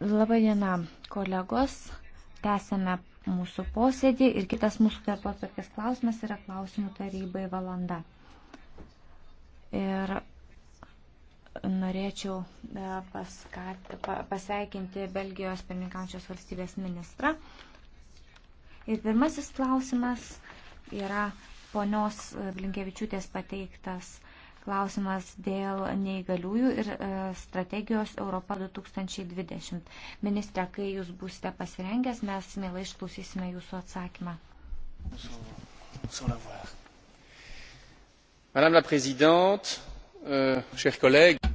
Labai diena, kolegos. Tęsėme mūsų posėdį ir kitas mūsų darbo atvarkės klausimas yra klausimų tarybai valanda. Ir norėčiau e, paskat, pasveikinti Belgijos pirmininkančios valstybės ministrą. Ir pirmasis klausimas yra ponios Blinkevičiūtės pateiktas klausimas dėl neįgaliųjų ir e, strategijos Europa 2020. Ministre, kai jūs būsite pasirengęs, mes mielai išklausysime jūsų atsakymą. Madame la Présidente, euh, chers collègues.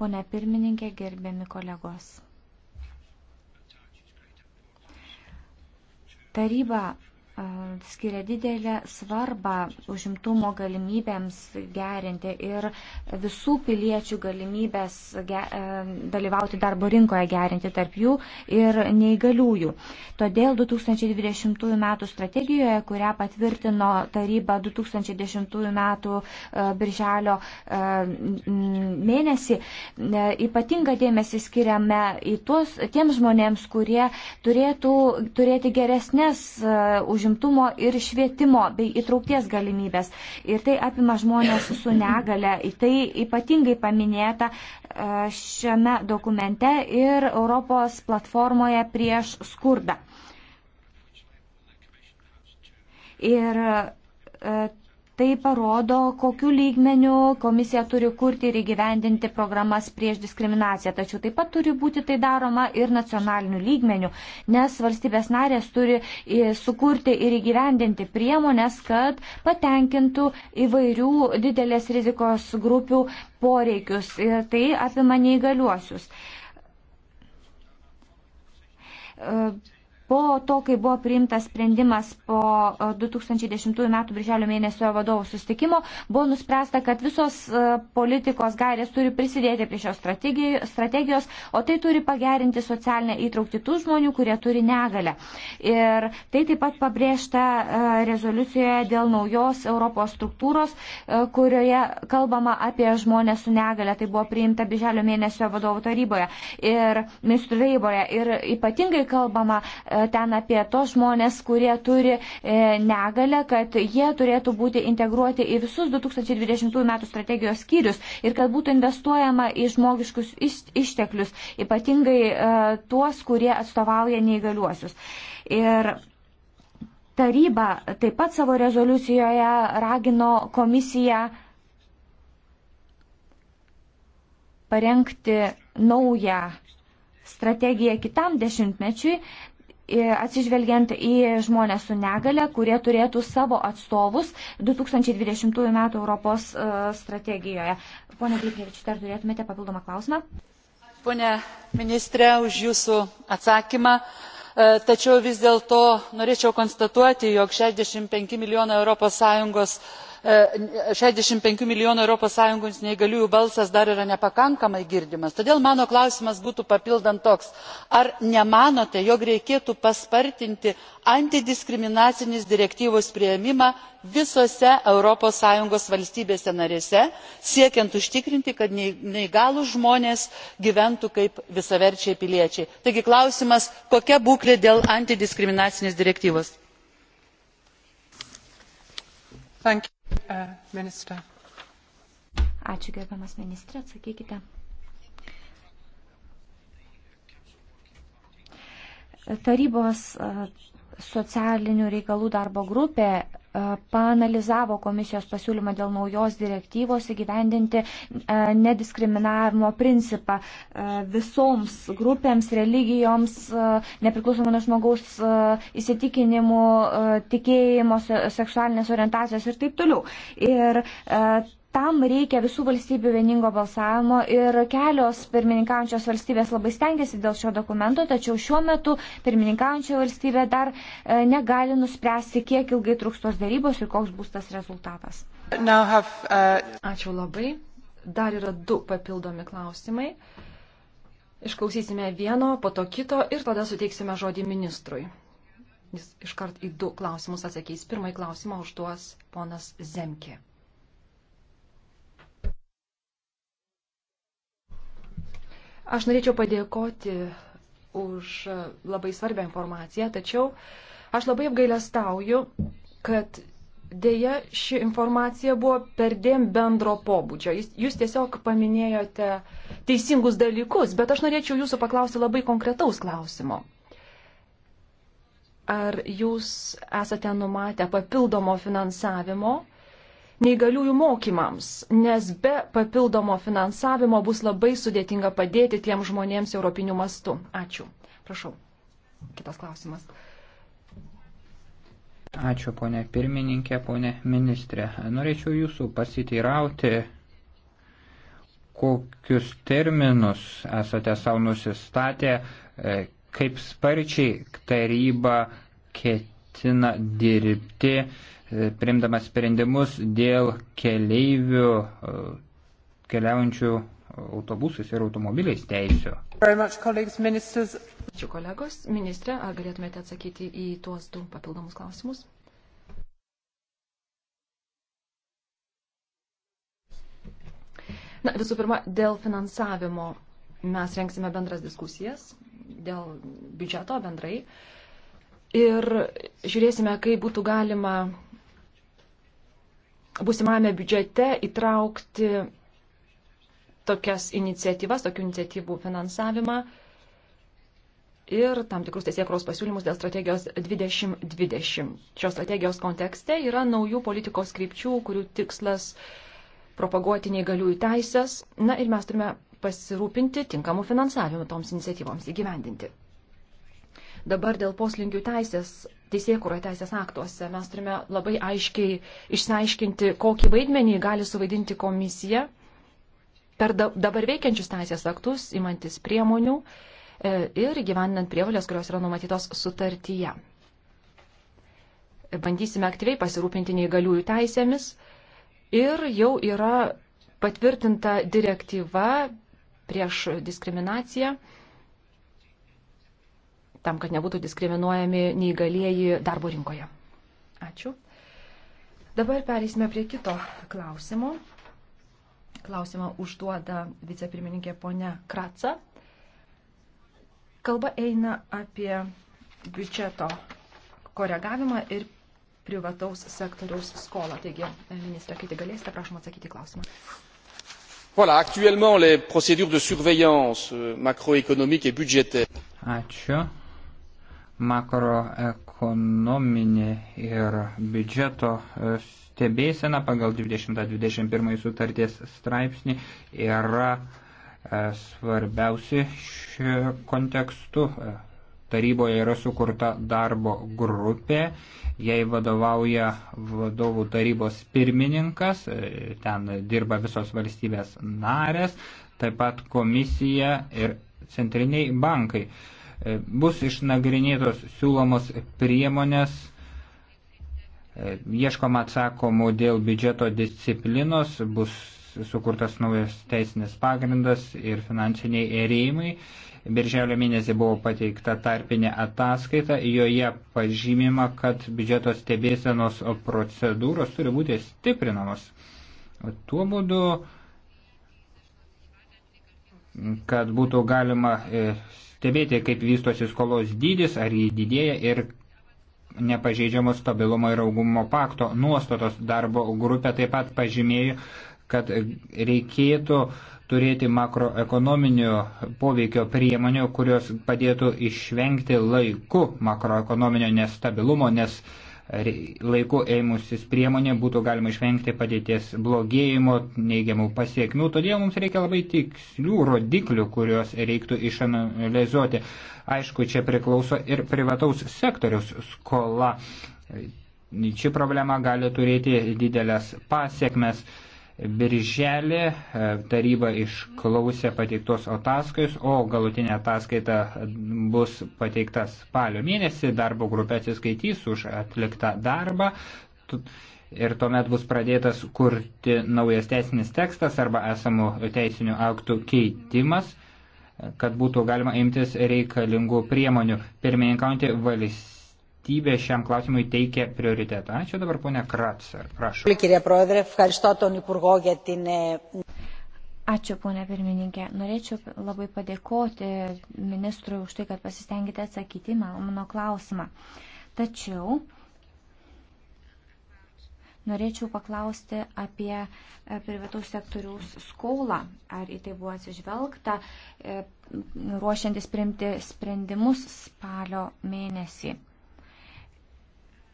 Pone pirmininkė, gerbiami kolegos. Taryba skiria didelę svarbą užimtumo galimybėms gerinti ir visų piliečių galimybės dalyvauti darbo rinkoje gerinti tarp jų ir neįgaliųjų. Todėl 2020 m. strategijoje, kurią patvirtino taryba 2010 m. birželio mėnesį, ypatinga dėmesį skiriame į tuos, tiems žmonėms, kurie turėtų turėti geresnės užimtumo užimtumo ir švietimo bei įtraukties galimybės. Ir tai apima žmonės su negale. Tai ypatingai paminėta e, šiame dokumente ir Europos platformoje prieš skurdą. Ir e, Tai parodo, kokiu lygmeniu komisija turi kurti ir įgyvendinti programas prieš diskriminaciją. Tačiau taip pat turi būti tai daroma ir nacionaliniu lygmeniu, nes valstybės narės turi e, sukurti ir įgyvendinti priemonės, kad patenkintų įvairių didelės rizikos grupių poreikius. Ir tai apima neįgaliuosius e, po po to, kai buvo priimtas sprendimas po 2010 e, m. birželio mėnesio vadovų sustikimo, buvo nuspręsta, kad visos e, politikos gairės turi prisidėti prie šios strategijos, o tai turi pagerinti socialinę įtraukti tų žmonių, kurie turi negalę. Ir tai taip pat pabrėžta e, rezoliucijoje dėl naujos Europos struktūros, kurioje kalbama apie žmonės su negale. Tai buvo priimta birželio mėnesio vadovų taryboje ir ministrų taryboje. Ir ypatingai kalbama ten ten apie tos žmonės, kurie turi e, negalę, kad jie turėtų būti integruoti į visus 2020 m. strategijos skyrius ir kad būtų investuojama į žmogiškus išteklius, ypatingai e, tuos, kurie atstovauja neįgaliuosius. Ir taryba taip pat savo rezoliucijoje ragino komisiją parengti naują strategiją kitam dešimtmečiui, atsižvelgiant į žmonės su negale, kurie turėtų savo atstovus 2020 m. Europos e, strategijoje. Pone Bliknevičiu, ar turėtumėte papildomą klausimą? Pone ministre, už Jūsų atsakymą. E, tačiau vis dėlto norėčiau konstatuoti, jog 65 milijonai ES E, šešiasdešimt penki milijonų europos sąjungos neįgaliųjų balsas dar yra nepakankamai girdimas todėl mano klausimas būtų papildant toks ar nemanote jog reikėtų paspartinti antidiskriminacinės direktyvos priėmimą visose europos sąjungos valstybėse narėse siekiant užtikrinti kad neįgalūs žmonės gyventų kaip visaverčiai piliečiai? taigi klausimas kokia būklė dėl antidiskriminacinės direktyvos? Uh, Ministra. Ačiū gerbiamas ministrė, atsakykite. Tarybos uh, socialinių reikalų darbo grupė E, panalizavo komisijos pasiūlymą dėl naujos direktyvos įgyvendinti e, nediskriminavimo principą e, visoms grupėms, religijoms, nepriklausomai nuo žmogaus įsitikinimų, tikėjimo, seksualinės orientacijos ir taip toliau. Ir Tam reikia visų valstybių vieningo balsavimo ir kelios pirmininkaujančios valstybės labai stengiasi dėl šio dokumento, tačiau šiuo metu pirmininkaujančia valstybė dar e, negali nuspręsti, kiek ilgai truks tos darybos ir koks bus tas rezultatas. Have, uh... Ačiū labai. Dar yra du papildomi klausimai. Išklausysime vieno, po to kito ir tada suteiksime žodį ministrui. Jis iškart į du klausimus atsakys. Pirmąjį klausimą užduos ponas Zemkė. Aš norėčiau padėkoti už labai svarbią informaciją, tačiau aš labai apgailestauju, kad dėja ši informacija buvo perdėm bendro pobūdžio. Jūs tiesiog paminėjote teisingus dalykus, bet aš norėčiau jūsų paklausti labai konkretaus klausimo. Ar jūs esate numatę papildomo finansavimo? neįgaliųjų mokymams, nes be papildomo finansavimo bus labai sudėtinga padėti tiem žmonėms europiniu mastu. Ačiū. Prašau. Kitas klausimas. Ačiū, ponė pirmininkė, ponė ministrė. Norėčiau jūsų pasiteirauti, kokius terminus esate savo nusistatę, e, kaip sparčiai taryba ketina dirbti E, primdamas sprendimus dėl keleivių e, keliaujančių autobusais ir automobiliais teisų. Ačiū kolegos. Ministrė, ar galėtumėte atsakyti į tuos du papildomus klausimus? Na, visų pirma, dėl finansavimo mes rengsime bendras diskusijas, dėl biudžeto bendrai. Ir žiūrėsime, kaip būtų galima busimame biudžete įtraukti tokias iniciatyvas, tokių iniciatyvų finansavimą ir tam tikrus teisėkros pasiūlymus dėl strategijos 2020. Šios strategijos kontekste yra naujų politikos krypčių, kurių tikslas propaguoti neįgaliųjų teisės. Na ir mes turime pasirūpinti tinkamų finansavimų toms iniciatyvoms įgyvendinti. Dabar dėl poslingių teisės teisėkūroje teisės aktuose. Mes turime labai aiškiai išsiaiškinti, kokį vaidmenį gali suvaidinti komisija per dabar veikiančius teisės aktus, imantis priemonių e, ir gyvendinant prievalės, kurios yra numatytos sutartyje. Bandysime aktyviai pasirūpinti neįgaliųjų teisėmis ir jau yra patvirtinta direktyva prieš diskriminaciją tam, kad nebūtų diskriminuojami neįgalieji darbo rinkoje. Ačiū. Dabar perėsime prie kito klausimo. Klausimą užduoda vicepirmininkė ponia Kratsa. Kalba eina apie biudžeto koregavimą ir privataus sektoriaus skolą. Taigi, ministrė, kai tik galėsite, prašom atsakyti klausimą. Voilà, actuellement les procédures de surveillance euh, macroéconomique et budgétaire. Ačiū makroekonominė ir biudžeto e, stebėsena pagal 2021 sutarties straipsnį yra e, svarbiausi šiuo kontekstu. E, taryboje yra sukurta darbo grupė, jai vadovauja vadovų tarybos pirmininkas, ten dirba visos valstybės narės, taip pat komisija ir centriniai bankai. Uh, E, bus išnagrinėtos siūlomos priemonės, e, ieškoma atsakomų dėl biudžeto disciplinos, bus sukurtas naujas teisinis pagrindas ir finansiniai ėrėjimai. Birželio mėnesį buvo pateikta tarpinė ataskaita, joje pažymima, kad biudžeto stebėsenos procedūros turi būti stiprinamos. Tuo būdu, kad būtų galima e, stebėti, kaip vystosi skolos dydis, ar jį didėja ir nepažeidžiamos stabilumo ir augumo pakto nuostatos darbo grupė taip pat pažymėjo, kad reikėtų turėti makroekonominio poveikio priemonių, kurios padėtų išvengti laiku makroekonominio nestabilumo, nes laiku ėmusis priemonė būtų galima išvengti padėties blogėjimo, neigiamų pasiekmių. Todėl mums reikia labai tikslių rodiklių, kuriuos reiktų išanalizuoti. Aišku, čia priklauso ir privataus sektoriaus skola. Ši problema gali turėti didelės pasiekmes. Birželį e, taryba išklausė pateiktos ataskaitos, o galutinė ataskaita bus pateikta spalio mėnesį, darbo grupė atsiskaitys už atliktą darbą ir tuomet bus pradėtas kurti naujas teisinis tekstas arba esamų teisinių aktų keitimas, kad būtų galima imtis reikalingų priemonių. Pirmininkaujantį valstybę valstybė šiam klausimui teikia prioritetą. Ačiū dabar ponia Kratzer, prašau. Ačiū, ponia pirmininkė. Norėčiau labai padėkoti ministrui už tai, kad pasistengite atsakyti mano klausimą. Tačiau norėčiau paklausti apie e, privataus sektoriaus skolą. Ar į tai buvo atsižvelgta, e, ruošiantis priimti sprendimus spalio mėnesį?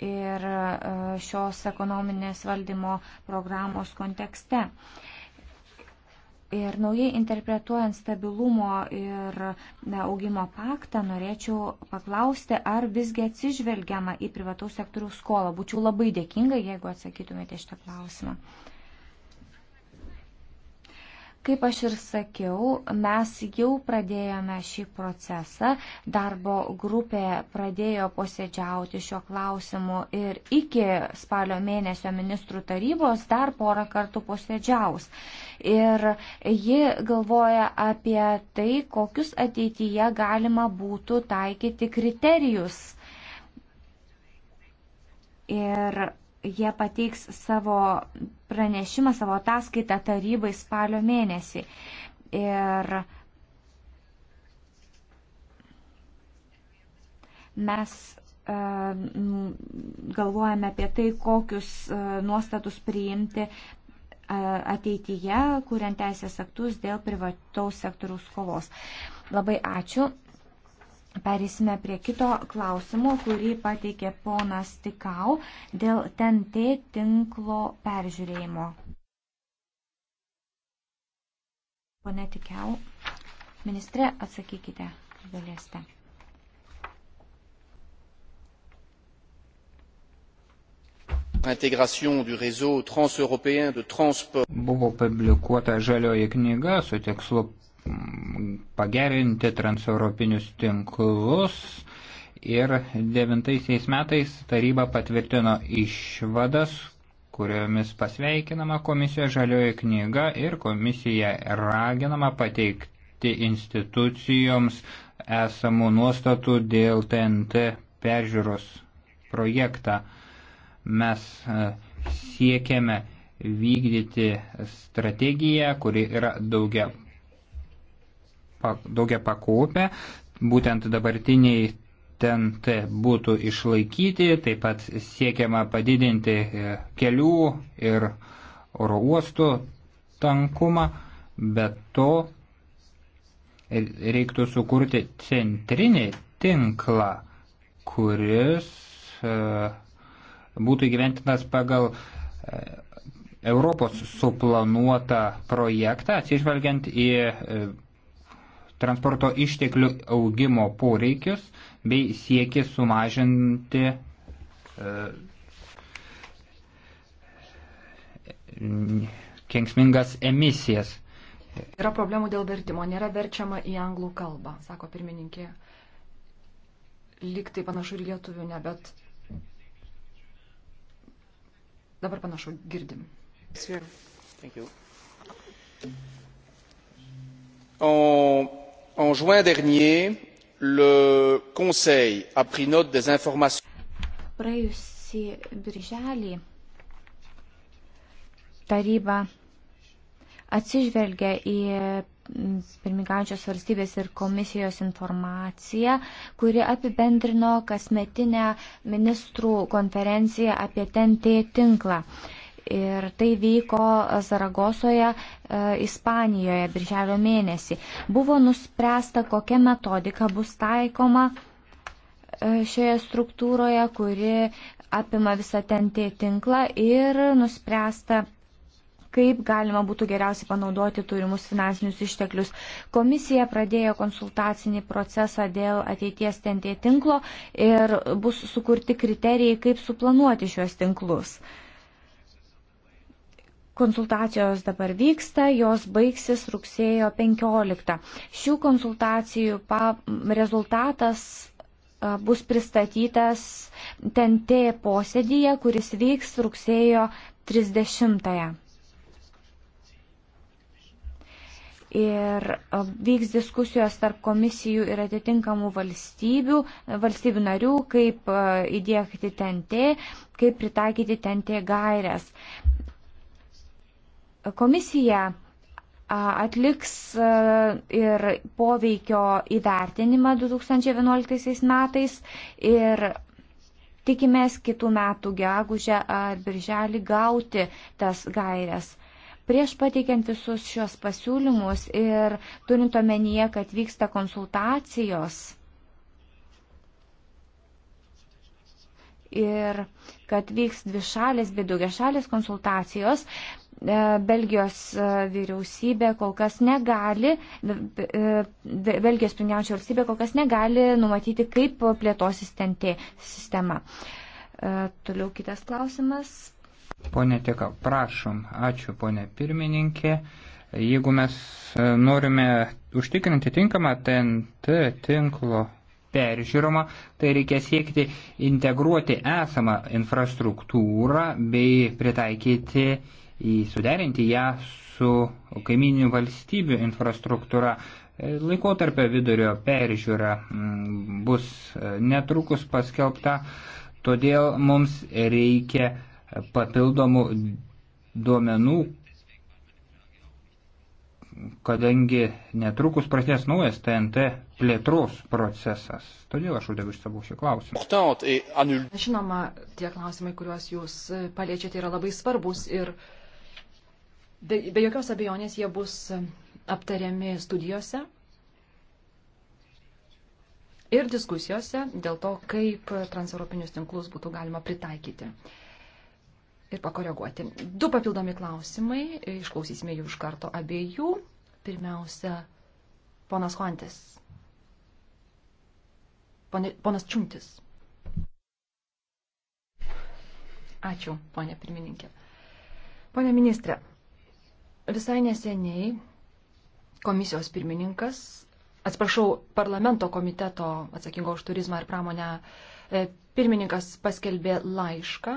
ir e, šios ekonominės valdymo programos kontekste. Ir naujai interpretuojant stabilumo ir augimo paktą, norėčiau paklausti, ar visgi atsižvelgiama į privataus sektoriaus skolą. Būčiau labai dėkinga, jeigu atsakytumėte šitą klausimą. Kaip aš ir sakiau, mes jau pradėjome šį procesą. Darbo grupė pradėjo posėdžiauti šio klausimu ir iki spalio mėnesio ministrų tarybos dar porą kartų posėdžiaus. Ir ji galvoja apie tai, kokius ateityje galima būtų taikyti kriterijus. Ir jie pateiks savo pranešimą, savo ataskaitą tarybai spalio mėnesį. Ir mes e, galvojame apie tai, kokius e, nuostatus priimti e, ateityje, kuriant teisės aktus dėl privataus sektoriaus kovos. Labai ačiū. Perėsime prie kito klausimo, kurį pateikė ponas Tikau dėl TNT tinklo peržiūrėjimo. Pone Tikau, ministre, atsakykite, galėsite. intégration du réseau transeuropéen de transport. Buvo publikuota žalioji knyga su tikslu pagerinti transeuropinius tinklus ir devintaisiais metais taryba patvirtino išvadas, kuriomis pasveikinama komisija žalioji knyga ir komisija raginama pateikti institucijoms esamų nuostatų dėl TNT peržiūros projektą. Mes e, siekiame vykdyti strategiją, kuri yra daugia daugia pakopę, būtent dabartiniai TNT būtų išlaikyti, taip pat siekiama padidinti e, kelių ir oro uostų tankumą, bet to reiktų sukurti centrinį tinklą, kuris e, būtų įgyventinas pagal e, Europos suplanuotą projektą, atsižvelgiant į transporto išteklių augimo poreikius bei siekė sumažinti e, kenksmingas emisijas. Yra problemų dėl vertimo, nėra verčiama į anglų kalbą, sako pirmininkė. Liktai panašu ir lietuvių, ne, bet dabar panašu girdim. Sveiki. Thank you. O oh, en juin dernier le conseil a pris note des informations praėjusį birželį taryba atsižvelgia į pirmininkaujančios valstybės ir komisijos informaciją, kuri apibendrino kasmetinę ministrų konferenciją apie TNT tinklą. Uh, Ir tai vyko Zaragosoje, e, Ispanijoje, birželio mėnesį. Buvo nuspręsta, kokia metodika bus taikoma e, šioje struktūroje, kuri apima visą tentį tinklą ir nuspręsta kaip galima būtų geriausiai panaudoti turimus finansinius išteklius. Komisija pradėjo konsultacinį procesą dėl ateities tentė tinklo ir bus sukurti kriterijai, kaip suplanuoti šios tinklus. Uh, Konsultacijos dabar vyksta, jos baigsis rugsėjo 15. Šių konsultacijų pa, rezultatas bus pristatytas TNT posėdyje, kuris vyks rugsėjo 30. -ąją. ir vyks diskusijos tarp komisijų ir atitinkamų valstybių, valstybių narių, kaip įdėkti TNT, kaip pritaikyti TNT gairias. Komisija atliks ir poveikio įvertinimą 2011 metais ir tikimės kitų metų gegužę ar birželį gauti tas gairias. Prieš pateikiant visus šios pasiūlymus ir turint omenyje, kad vyksta konsultacijos ir kad vyks dvi šalės, bidugia šalės konsultacijos, E, Belgijos e, vyriausybė kol kas negali, e, Belgijos pirmiausia valstybė kol kas negali numatyti, kaip plėtosis ten sistema. Toliau kitas klausimas. Pone Tika, prašom, ačiū ponė pirmininkė. Jeigu mes norime užtikrinti tinkamą TNT tinklo peržiūroma, tai reikia siekti integruoti esamą infrastruktūrą bei pritaikyti suderinti ją su kaiminių valstybių infrastruktūra. Laikotarpio vidurio peržiūra mm, bus e, netrukus paskelbta, todėl mums reikia papildomų duomenų, kadangi netrukus prasidės naujas TNT plėtros procesas. Todėl aš uždegu savo šį klausimą. Žinoma, tie klausimai, kuriuos jūs paliečiate, yra labai svarbus ir uh, Be, be jokios abejonės jie bus aptariami studijose ir diskusijose dėl to, kaip transeuropinius tinklus būtų galima pritaikyti ir pakoreguoti. Du papildomi klausimai, išklausysime jų iš karto abiejų. Pirmiausia, ponas Huantis. Pone, ponas Čuntis. Ačiū, ponė pirmininkė. Pone ministrė, Visai neseniai komisijos pirmininkas, atsiprašau, parlamento komiteto atsakingo už turizmą ir pramonę e, pirmininkas paskelbė laišką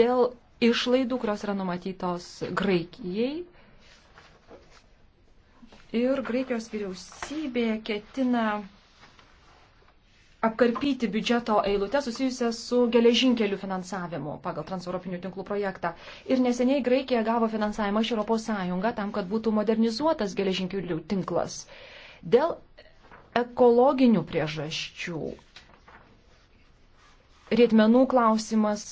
dėl išlaidų, kurios yra numatytos Graikijai. Ir Graikijos vyriausybė ketina apkarpyti biudžeto eilutę susijusią su geležinkelių finansavimu pagal transeuropinių tinklų projektą. Ir neseniai Graikija gavo finansavimą iš ES tam, kad būtų modernizuotas geležinkelių tinklas. Dėl ekologinių priežasčių. Rietmenų klausimas,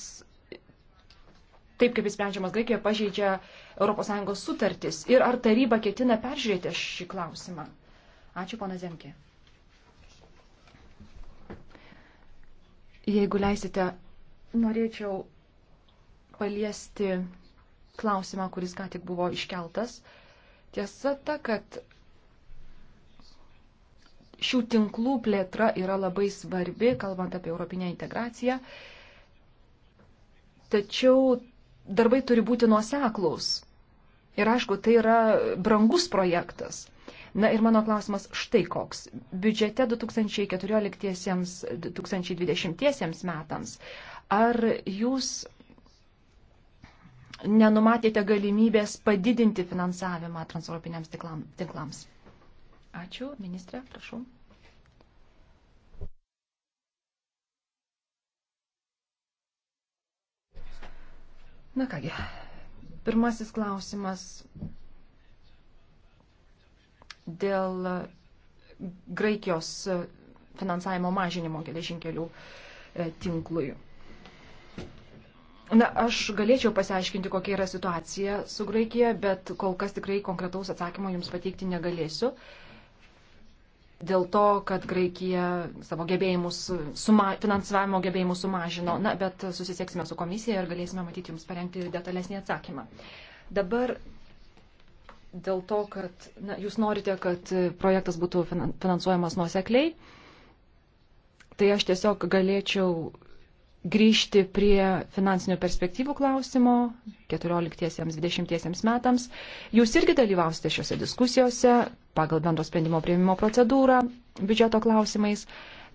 taip kaip jis sprendžiamas Graikijoje, pažeidžia ES sutartis. Ir ar taryba ketina peržiūrėti šį klausimą? Ačiū, pana Zemke. Jeigu leisite, norėčiau paliesti klausimą, kuris ką tik buvo iškeltas. Tiesa ta, kad šių tinklų plėtra yra labai svarbi, kalbant apie europinę integraciją. Tačiau darbai turi būti nuoseklus. Ir aišku, tai yra brangus projektas. Na ir mano klausimas štai koks. Biudžete 2014-2020 metams, ar jūs nenumatėte galimybės padidinti finansavimą transeuropiniams tinklams? Ačiū, ministrė, prašau. Na kągi, pirmasis klausimas dėl Graikijos finansavimo mažinimo geležinkelių e, tinklui. Na, aš galėčiau pasiaiškinti, kokia yra situacija su Graikija, bet kol kas tikrai konkretaus atsakymo jums pateikti negalėsiu. Dėl to, kad Graikija savo gebėjimus, suma, finansavimo gebėjimus sumažino. Na, bet susisieksime su komisija ir galėsime matyti jums parengti detalesnį atsakymą. Dabar dėl to, kad na, jūs norite, kad projektas būtų finansuojamas nuosekliai, tai aš tiesiog galėčiau grįžti prie finansinių perspektyvų klausimo 14-20 metams. Jūs irgi dalyvausite šiuose diskusijose pagal bendro sprendimo prieimimo procedūrą biudžeto klausimais.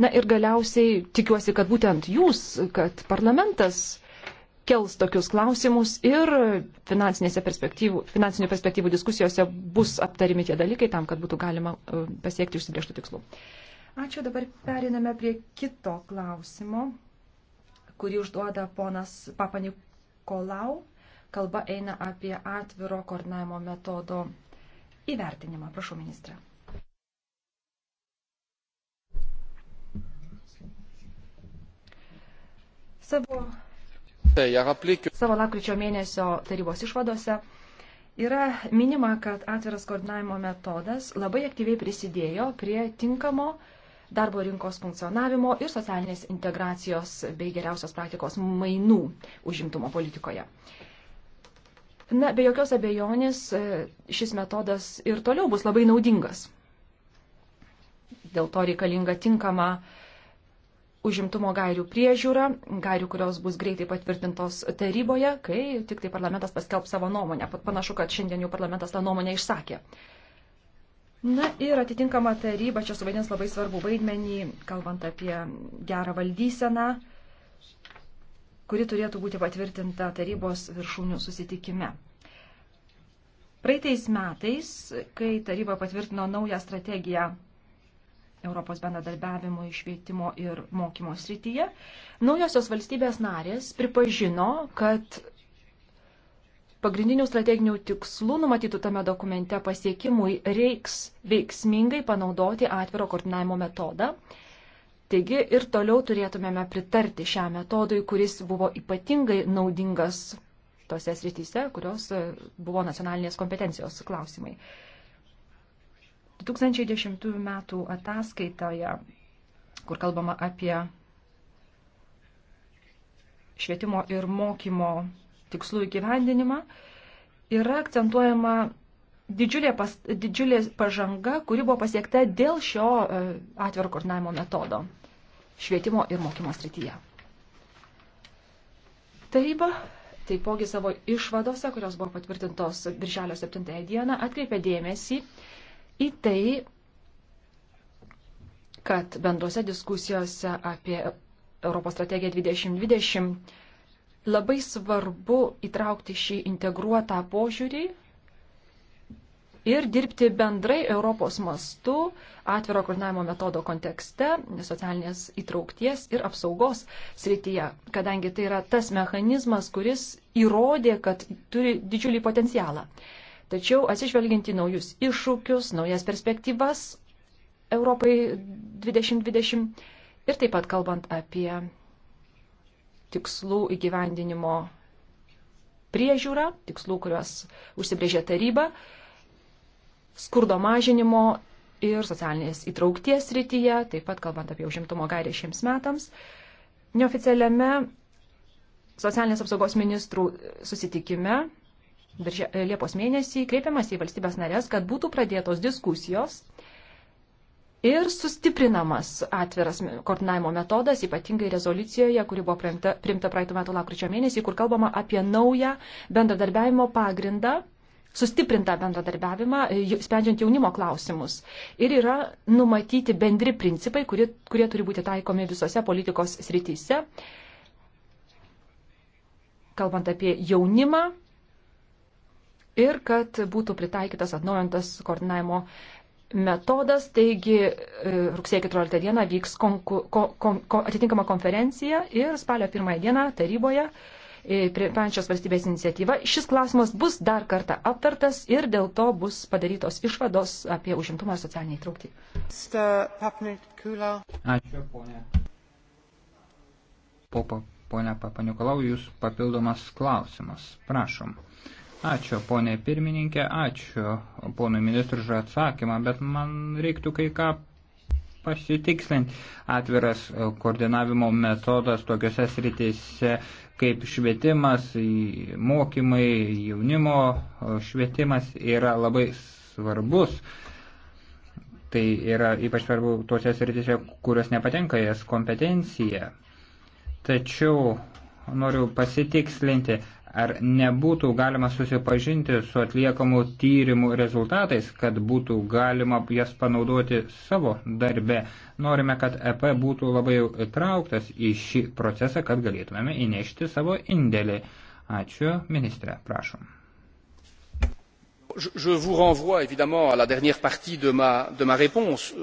Na ir galiausiai tikiuosi, kad būtent jūs, kad parlamentas kels tokius klausimus ir perspektyvų, finansinių perspektyvų diskusijose bus aptarimi tie dalykai tam, kad būtų galima e, pasiekti užsibrieštų tikslų. Ačiū, dabar periname prie kito klausimo, kurį užduoda ponas Papanikolau. Kalba eina apie atviro koordinavimo metodo įvertinimą. Prašau, ministrė. Savo Savo lakryčio mėnesio tarybos išvadose yra minima, kad atviras koordinavimo metodas labai aktyviai prisidėjo prie tinkamo darbo rinkos funkcionavimo ir socialinės integracijos bei geriausios praktikos mainų užimtumo politikoje. Na, be jokios abejonės e, šis metodas ir toliau bus labai naudingas. Dėl to reikalinga tinkama uh, užimtumo gairių priežiūrą, gairių, kurios bus greitai patvirtintos taryboje, kai tik tai parlamentas paskelb savo nuomonę. Panašu, kad šiandien jau parlamentas tą nuomonę išsakė. Na ir atitinkama taryba čia suvaidins labai svarbu vaidmenį, kalbant apie gerą valdyseną, kuri turėtų būti patvirtinta tarybos viršūnių susitikime. Praeitais metais, kai taryba patvirtino naują strategiją Europos bendradarbiavimo išvietimo ir mokymo srityje, naujosios valstybės narės pripažino, kad pagrindinių strateginių tikslų numatytų tame dokumente pasiekimui reiks veiksmingai panaudoti atviro koordinavimo metodą. Taigi ir toliau turėtumėme pritarti šią metodui, kuris buvo ypatingai naudingas tose srityse, kurios buvo nacionalinės kompetencijos klausimai. 2010 metų ataskaitoje, kur kalbama apie švietimo ir mokymo tikslų įgyvendinimą, yra akcentuojama didžiulė, pas, didžiulė pažanga, kuri buvo pasiekta dėl šio e, atviro koordinavimo metodo švietimo ir mokymo srityje. Taryba taipogi savo išvadose, kurios buvo patvirtintos birželio 7 dieną, atkreipė dėmesį į tai, kad bendrose diskusijose apie Europos strategiją 2020 labai svarbu įtraukti šį integruotą požiūrį ir dirbti bendrai Europos mastu atviro koordinavimo metodo kontekste, socialinės įtraukties ir apsaugos srityje, kadangi tai yra tas mechanizmas, kuris įrodė, kad turi didžiulį potencialą. Tačiau atsižvelgiant į naujus iššūkius, naujas perspektyvas Europai 2020 ir taip pat kalbant apie tikslų įgyvendinimo priežiūrą, tikslų, kuriuos užsibrėžė taryba, skurdo mažinimo ir socialinės įtraukties rytyje, taip pat kalbant apie užimtumo gairę šiems metams. Neoficialiame socialinės apsaugos ministrų susitikime biržia, e, Liepos mėnesį kreipiamas į valstybės narės, kad būtų pradėtos diskusijos ir sustiprinamas atviras koordinavimo metodas, ypatingai rezoliucijoje, kuri buvo priimta, priimta praeitų metų lakryčio mėnesį, kur kalbama apie naują bendradarbiavimo pagrindą sustiprintą bendradarbiavimą, e, sprendžiant jaunimo klausimus. Ir yra numatyti bendri principai, kurie, kurie turi būti taikomi visose politikos srityse. Kalbant apie jaunimą, ir kad būtų pritaikytas atnaujintas koordinavimo metodas. Taigi e, rugsėjo 14 dieną vyks konku, kon, kon, kon, atitinkama konferencija ir spalio 1 dieną taryboje e, pripančios valstybės iniciatyva. Šis klausimas bus dar kartą aptartas ir dėl to bus padarytos išvados apie užimtumą ir socialinį įtraukti. Ačiū, ponė. Popo, ponė Papanikolau, jūs papildomas klausimas. Prašom. Ačiū, ponė pirmininkė, ačiū ponui ministrui už atsakymą, bet man reiktų kai ką pasitikslinti. Atviras koordinavimo metodas tokiuose sritise kaip švietimas, mokymai, jaunimo švietimas yra labai svarbus. Tai yra ypač svarbu tose sritise, kurios nepatenka jas kompetencija. Tačiau noriu pasitikslinti, Ar nebūtų galima susipažinti su atliekamų tyrimų rezultatais, kad būtų galima jas panaudoti savo darbe? Norime, kad EP būtų labai įtrauktas į šį procesą, kad galėtumėme įnešti savo indėlį. Ačiū, ministrė, prašom. Je vous renvoie évidemment à la dernière partie de ma, de ma réponse.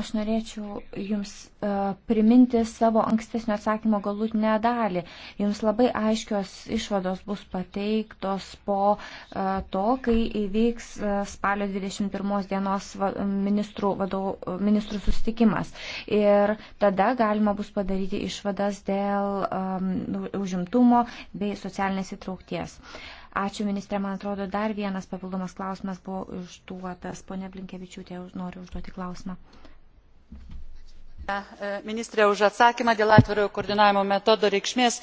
Aš norėčiau Jums uh, priminti savo ankstesnio atsakymo galutinę dalį. Jums labai aiškios išvados bus pateiktos po uh, to, kai įvyks uh, spalio 21 dienos va, ministrų, vadov, ministrų sustikimas. Ir tada galima bus padaryti išvadas dėl um, užimtumo bei socialinės įtraukties. Ačiū ministrė, man atrodo, dar vienas papildomas klausimas buvo užduotas. Pone Blinkevičiūtė, noriu užduoti klausimą ministre už atsakymą dėl atvirojo koordinavimo metodo reikšmės.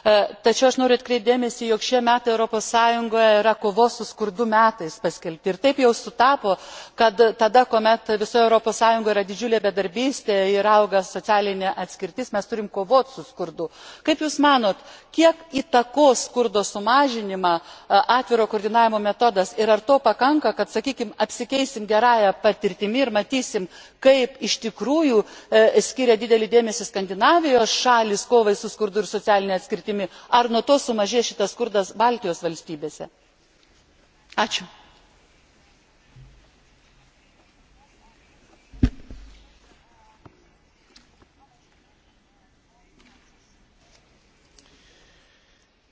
E, tačiau aš noriu atkreipti dėmesį jog šie metai europos sąjungoje yra kovos su skurdu metais paskelbti ir taip jau sutapo kad tada kuomet visoje europos sąjungoje yra didžiulė bedarbystė ir auga socialinė atskirtis mes turime kovoti su skurdu. kaip jūs manote kiek įtakos skurdo sumažinimą e, atviro koordinavimo metodas ir ar to pakanka kad sakykime apsikeisime gerąja patirtimi ir matysime kaip iš tikrųjų e, skiria didelį dėmesį skandinavijos šalys kovai su skurdu ir socialine atskirtimi kryptimi ar nuo to sumažės šitas skurdas baltijos valstybėse? ačiū.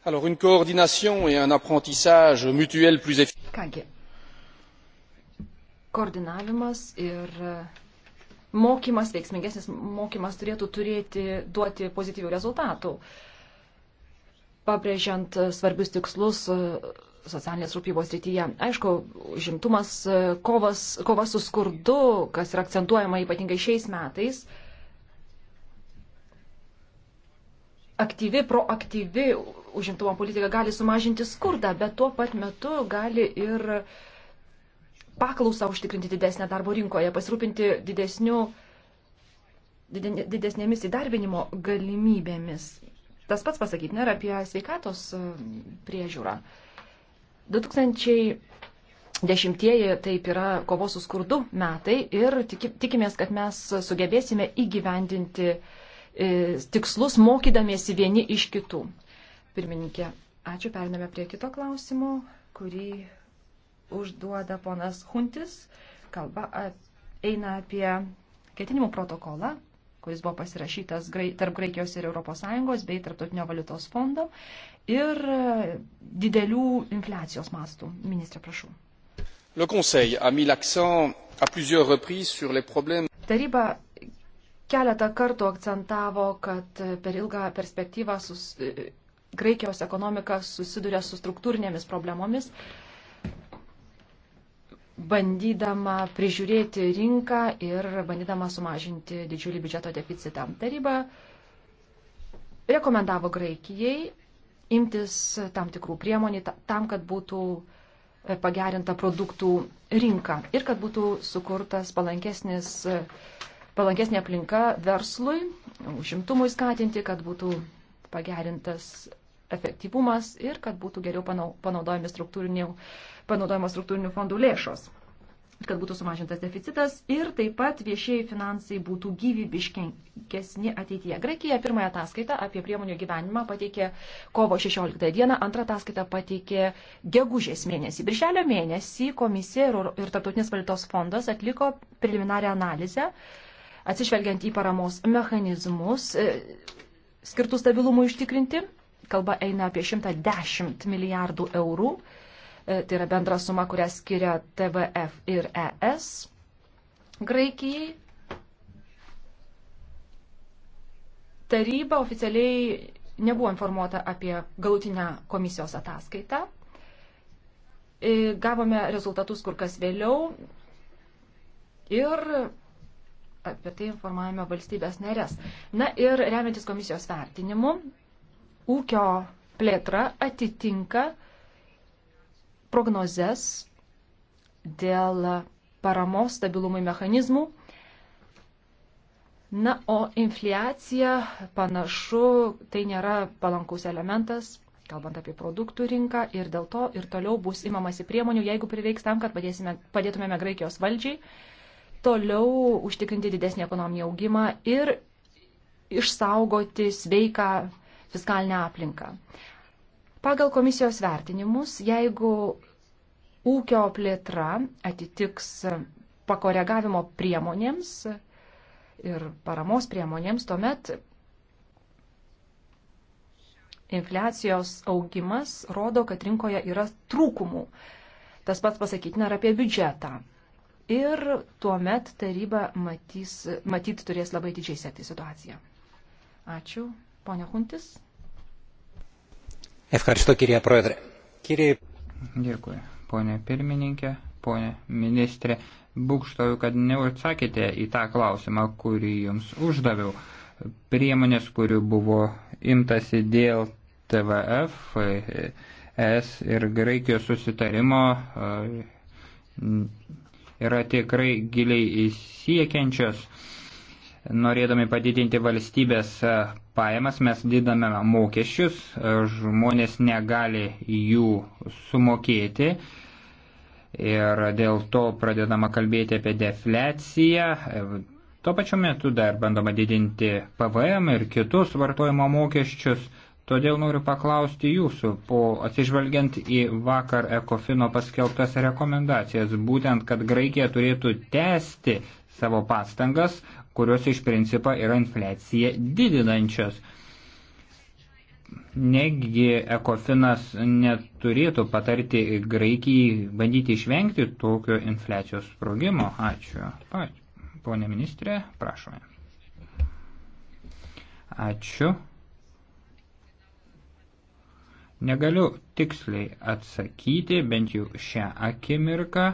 Alors une coordination et un apprentissage mutuel plus efficace koordinavimas ir e, mokymas, veiksmingesnis mokymas turėtų turėti, duoti pozityvių rezultatų pabrėžiant svarbius tikslus e, socialinės rūpybos rytyje. Aišku, žimtumas, e, kovas, kova su skurdu, kas yra akcentuojama ypatingai šiais metais. Aktyvi, proaktyvi užimtumo politika gali sumažinti skurdą, bet tuo pat metu gali ir paklausą užtikrinti didesnę darbo rinkoje, pasirūpinti didesniu, didesnėmis įdarbinimo galimybėmis. Tas pats pasakytina ir apie sveikatos e, priežiūrą. 2010-ieji taip yra kovos su skurdu metai ir tikimės, kad mes sugebėsime įgyvendinti e, tikslus, mokydamiesi vieni iš kitų. Pirmininkė, ačiū, periname prie kito klausimo, kurį užduoda ponas Huntis. Kalba eina apie ketinimų protokolą kuris buvo pasirašytas tarp Graikijos ir ES bei Tarptautinio valiutos fondo ir e, didelių infliacijos mastų. Ministrė, prašau. Le Conseil a mis l'accent à plusieurs reprises sur les problèmes. Taryba keletą kartų akcentavo, kad per ilgą perspektyvą sus... E, Graikijos ekonomika susiduria su struktūrinėmis problemomis bandydama prižiūrėti rinką ir bandydama sumažinti didžiulį biudžeto deficitą. Taryba rekomendavo Graikijai imtis tam tikrų priemonį tam, kad būtų e, pagerinta produktų rinka ir kad būtų sukurtas palankesnis, e, palankesnė aplinka verslui, užimtumui skatinti, kad būtų pagerintas efektyvumas ir kad būtų geriau panaudojami struktūrinių, panaudojamos struktūrinių fondų lėšos kad būtų sumažintas deficitas ir taip pat viešieji finansai būtų gyvybiškesni ateityje. Graikija pirmąją ataskaitą apie priemonių gyvenimą pateikė kovo 16 dieną, antrą ataskaitą pateikė gegužės mėnesį. Birželio mėnesį komisija ir, ir Tartautinės valiutos fondas atliko preliminarią analizę, atsižvelgiant į paramos mechanizmus e, skirtų stabilumui ištikrinti kalba eina apie 110 milijardų eurų. E, tai yra bendra suma, kurią skiria TVF ir ES Graikijai. Taryba oficialiai nebuvo informuota apie galutinę komisijos ataskaitą. E, gavome rezultatus kur kas vėliau ir apie tai informavome valstybės narės. Na ir remiantis komisijos vertinimu, ūkio plėtra atitinka prognozes dėl paramos stabilumui mechanizmų. Na, o infliacija panašu, tai nėra palankus elementas, kalbant apie produktų rinką ir dėl to ir toliau bus imamasi priemonių, jeigu prireiks tam, kad padėsime, padėtumėme Graikijos valdžiai toliau užtikrinti didesnį ekonominį augimą ir išsaugoti sveiką fiskalinę aplinką. Pagal komisijos vertinimus, jeigu ūkio plėtra atitiks pakoregavimo priemonėms ir paramos priemonėms, tuomet infliacijos augimas rodo, kad rinkoje yra trūkumų. Tas pats pasakytina ir apie biudžetą. Ir tuomet taryba matys, matyt turės labai didžiai sekti situaciją. Ačiū. Pone Huntis. Efkaršto, kirie proedrė. Kirie. Dėkui, ponė pirmininkė, ponė ministrė. Būkštoju, kad neužsakėte į tą klausimą, kurį jums uždaviau. Priemonės, kurių buvo imtasi dėl TVF, ES ir Graikijos susitarimo e, yra tikrai giliai įsiekiančios norėdami padidinti valstybės e, pajamas, mes didame mokesčius, e, žmonės negali jų sumokėti ir dėl to pradedama kalbėti apie defleciją. E, tuo pačiu metu dar bandoma didinti PVM ir kitus vartojimo mokesčius. Todėl noriu paklausti jūsų, po atsižvelgiant į vakar Ekofino paskelbtas rekomendacijas, būtent, kad Graikija turėtų tęsti savo pastangas, kurios iš principo yra infliaciją didinančios. Negi ekofinas neturėtų patarti Graikijai bandyti išvengti tokio infliacijos sprogimo. Ačiū. Pone ministrė, prašome. Ačiū. Negaliu tiksliai atsakyti, bent jau šią akimirką,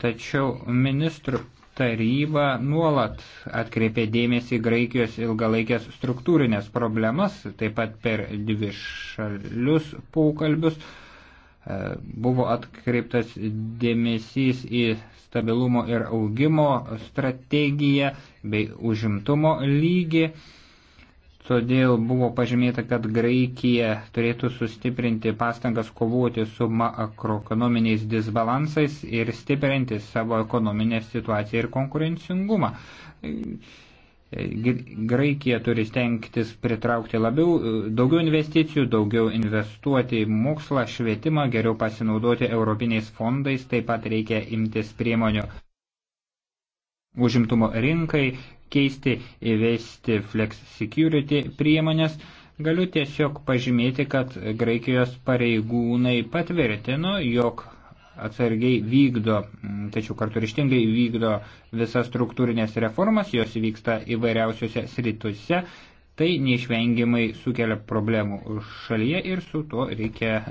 tačiau ministrų taryba nuolat atkreipė dėmesį Graikijos ilgalaikės struktūrinės problemas, taip pat per dvi šalius pokalbius e, buvo atkreiptas dėmesys į stabilumo ir augimo strategiją bei užimtumo lygį. Todėl buvo pažymėta, kad Graikija turėtų sustiprinti pastangas kovoti su makroekonominiais disbalansais ir stiprinti savo ekonominę situaciją ir konkurencingumą. Graikija turi stengtis pritraukti labiau, daugiau investicijų, daugiau investuoti į mokslą, švietimą, geriau pasinaudoti europiniais fondais, taip pat reikia imtis priemonių užimtumo rinkai, keisti, įveisti flex security priemonės. Galiu tiesiog pažymėti, kad Graikijos pareigūnai patvirtino, jog atsargiai vykdo, tačiau kartu ryštingai vykdo visas struktūrinės reformas, jos vyksta įvairiausiose srituse, tai neišvengiamai sukelia problemų šalyje ir su tuo reikia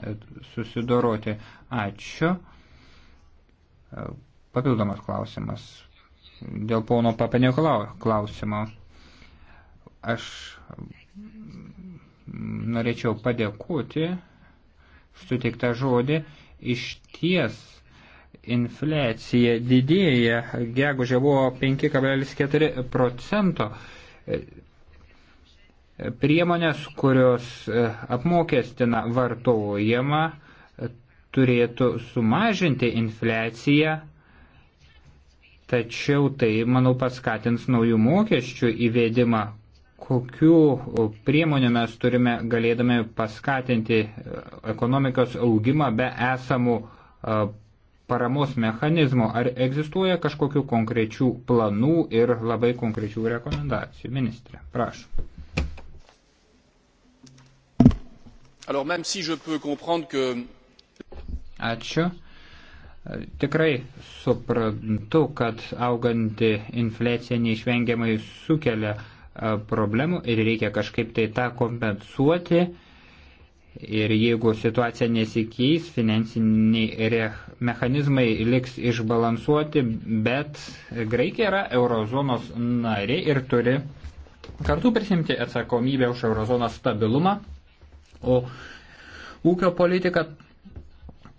susidoroti. Ačiū. Papildomas klausimas dėl pono Papenikolau klausimo. Aš norėčiau padėkoti suteiktą žodį. Iš ties infliacija didėja. Gegužė buvo 5,4 procento. Priemonės, kurios apmokestina vartojimą, turėtų sumažinti infliaciją tačiau tai, manau, paskatins naujų mokesčių įvedimą. Kokių priemonių mes turime galėdami paskatinti ekonomikos augimą be esamų paramos mechanizmo, ar egzistuoja kažkokių konkrečių planų ir labai konkrečių rekomendacijų? Ministrė, prašom. Alors, même si je peux comprendre que... Ačiū. Tikrai suprantu, kad auganti inflecija neišvengiamai sukelia problemų ir reikia kažkaip tai tą kompensuoti. Ir jeigu situacija nesikeis, finansiniai mechanizmai liks išbalansuoti, bet Graikija yra eurozonos nariai ir turi kartu prisimti atsakomybę už eurozonos stabilumą, o ūkio politika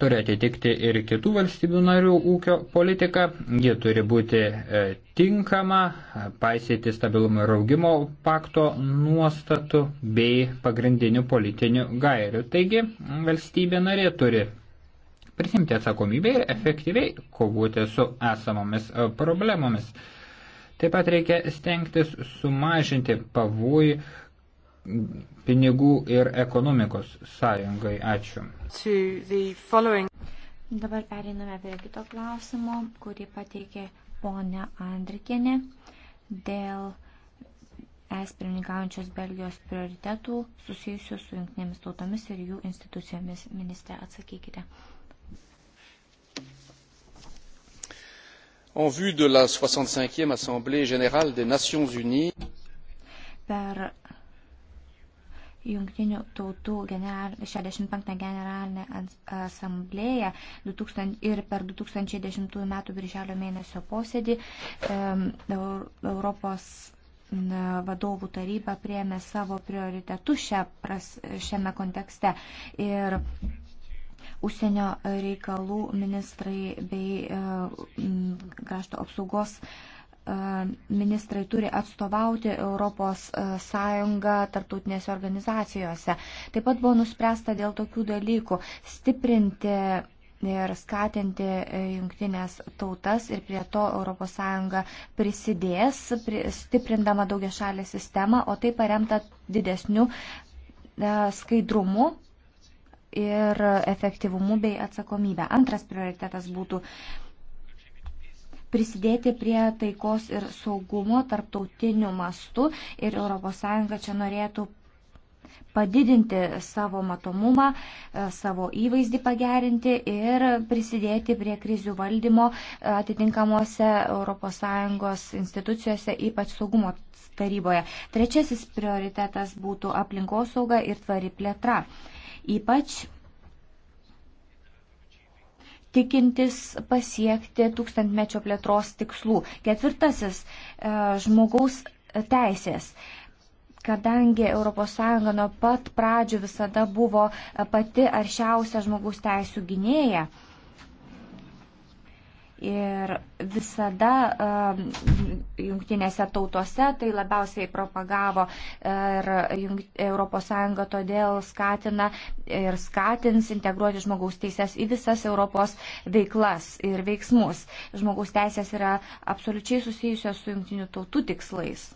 turi atitikti ir kitų valstybių narių ūkio politiką, ji turi būti e, tinkama, e, paisyti stabilumo ir augimo pakto nuostatų bei pagrindinių politinių gairių. Taigi valstybė narė turi prisimti atsakomybę ir efektyviai kovoti su esamomis e, problemomis. Taip pat reikia stengtis sumažinti pavojų, pinigų ir ekonomikos sąjungai. Ačiū. Dabar periname prie kito klausimo, kurį pateikė ponia Andrikienė dėl es pirmininkaujančios Belgijos prioritetų susijusių su jungtinėmis tautomis ir jų institucijomis. Ministre, atsakykite. En vue de la 65e Assemblée générale des Nations Unies, per Junktinių tautų general, 65 generalinė asamblėja 2000, ir per 2010 m. birželio mėnesio posėdį Europos vadovų taryba priėmė savo prioritetus šiame kontekste. Ir užsienio reikalų ministrai bei krašto apsaugos uh, E, ministrai turi atstovauti Europos e, Sąjungą tarptautinėse organizacijose. Taip pat buvo nuspręsta dėl tokių dalykų stiprinti ir skatinti e, jungtinės tautas ir prie to ES prisidės, stiprindama daugia šalį sistemą, o tai paremta didesniu skaidrumu ir efektyvumu bei atsakomybę. Antras prioritetas būtų prisidėti prie taikos ir saugumo tarptautiniu mastu ir ES čia norėtų padidinti savo matomumą, e, savo įvaizdį pagerinti ir prisidėti prie krizių valdymo e, atitinkamuose ES institucijose, ypač saugumo taryboje. Trečiasis prioritetas būtų aplinkosauga ir tvari plėtra. Ypač tikintis pasiekti tūkstantmečio plėtros tikslų. Ketvirtasis e, - žmogaus teisės kadangi ES nuo pat pradžių visada buvo e, pati aršiausia žmogaus teisų gynėja, Ir visada e, jungtinėse tautose tai labiausiai propagavo ir ES todėl skatina ir skatins integruoti žmogaus teises į visas Europos veiklas ir veiksmus. Žmogaus teisės yra absoliučiai susijusios su jungtinių tautų tikslais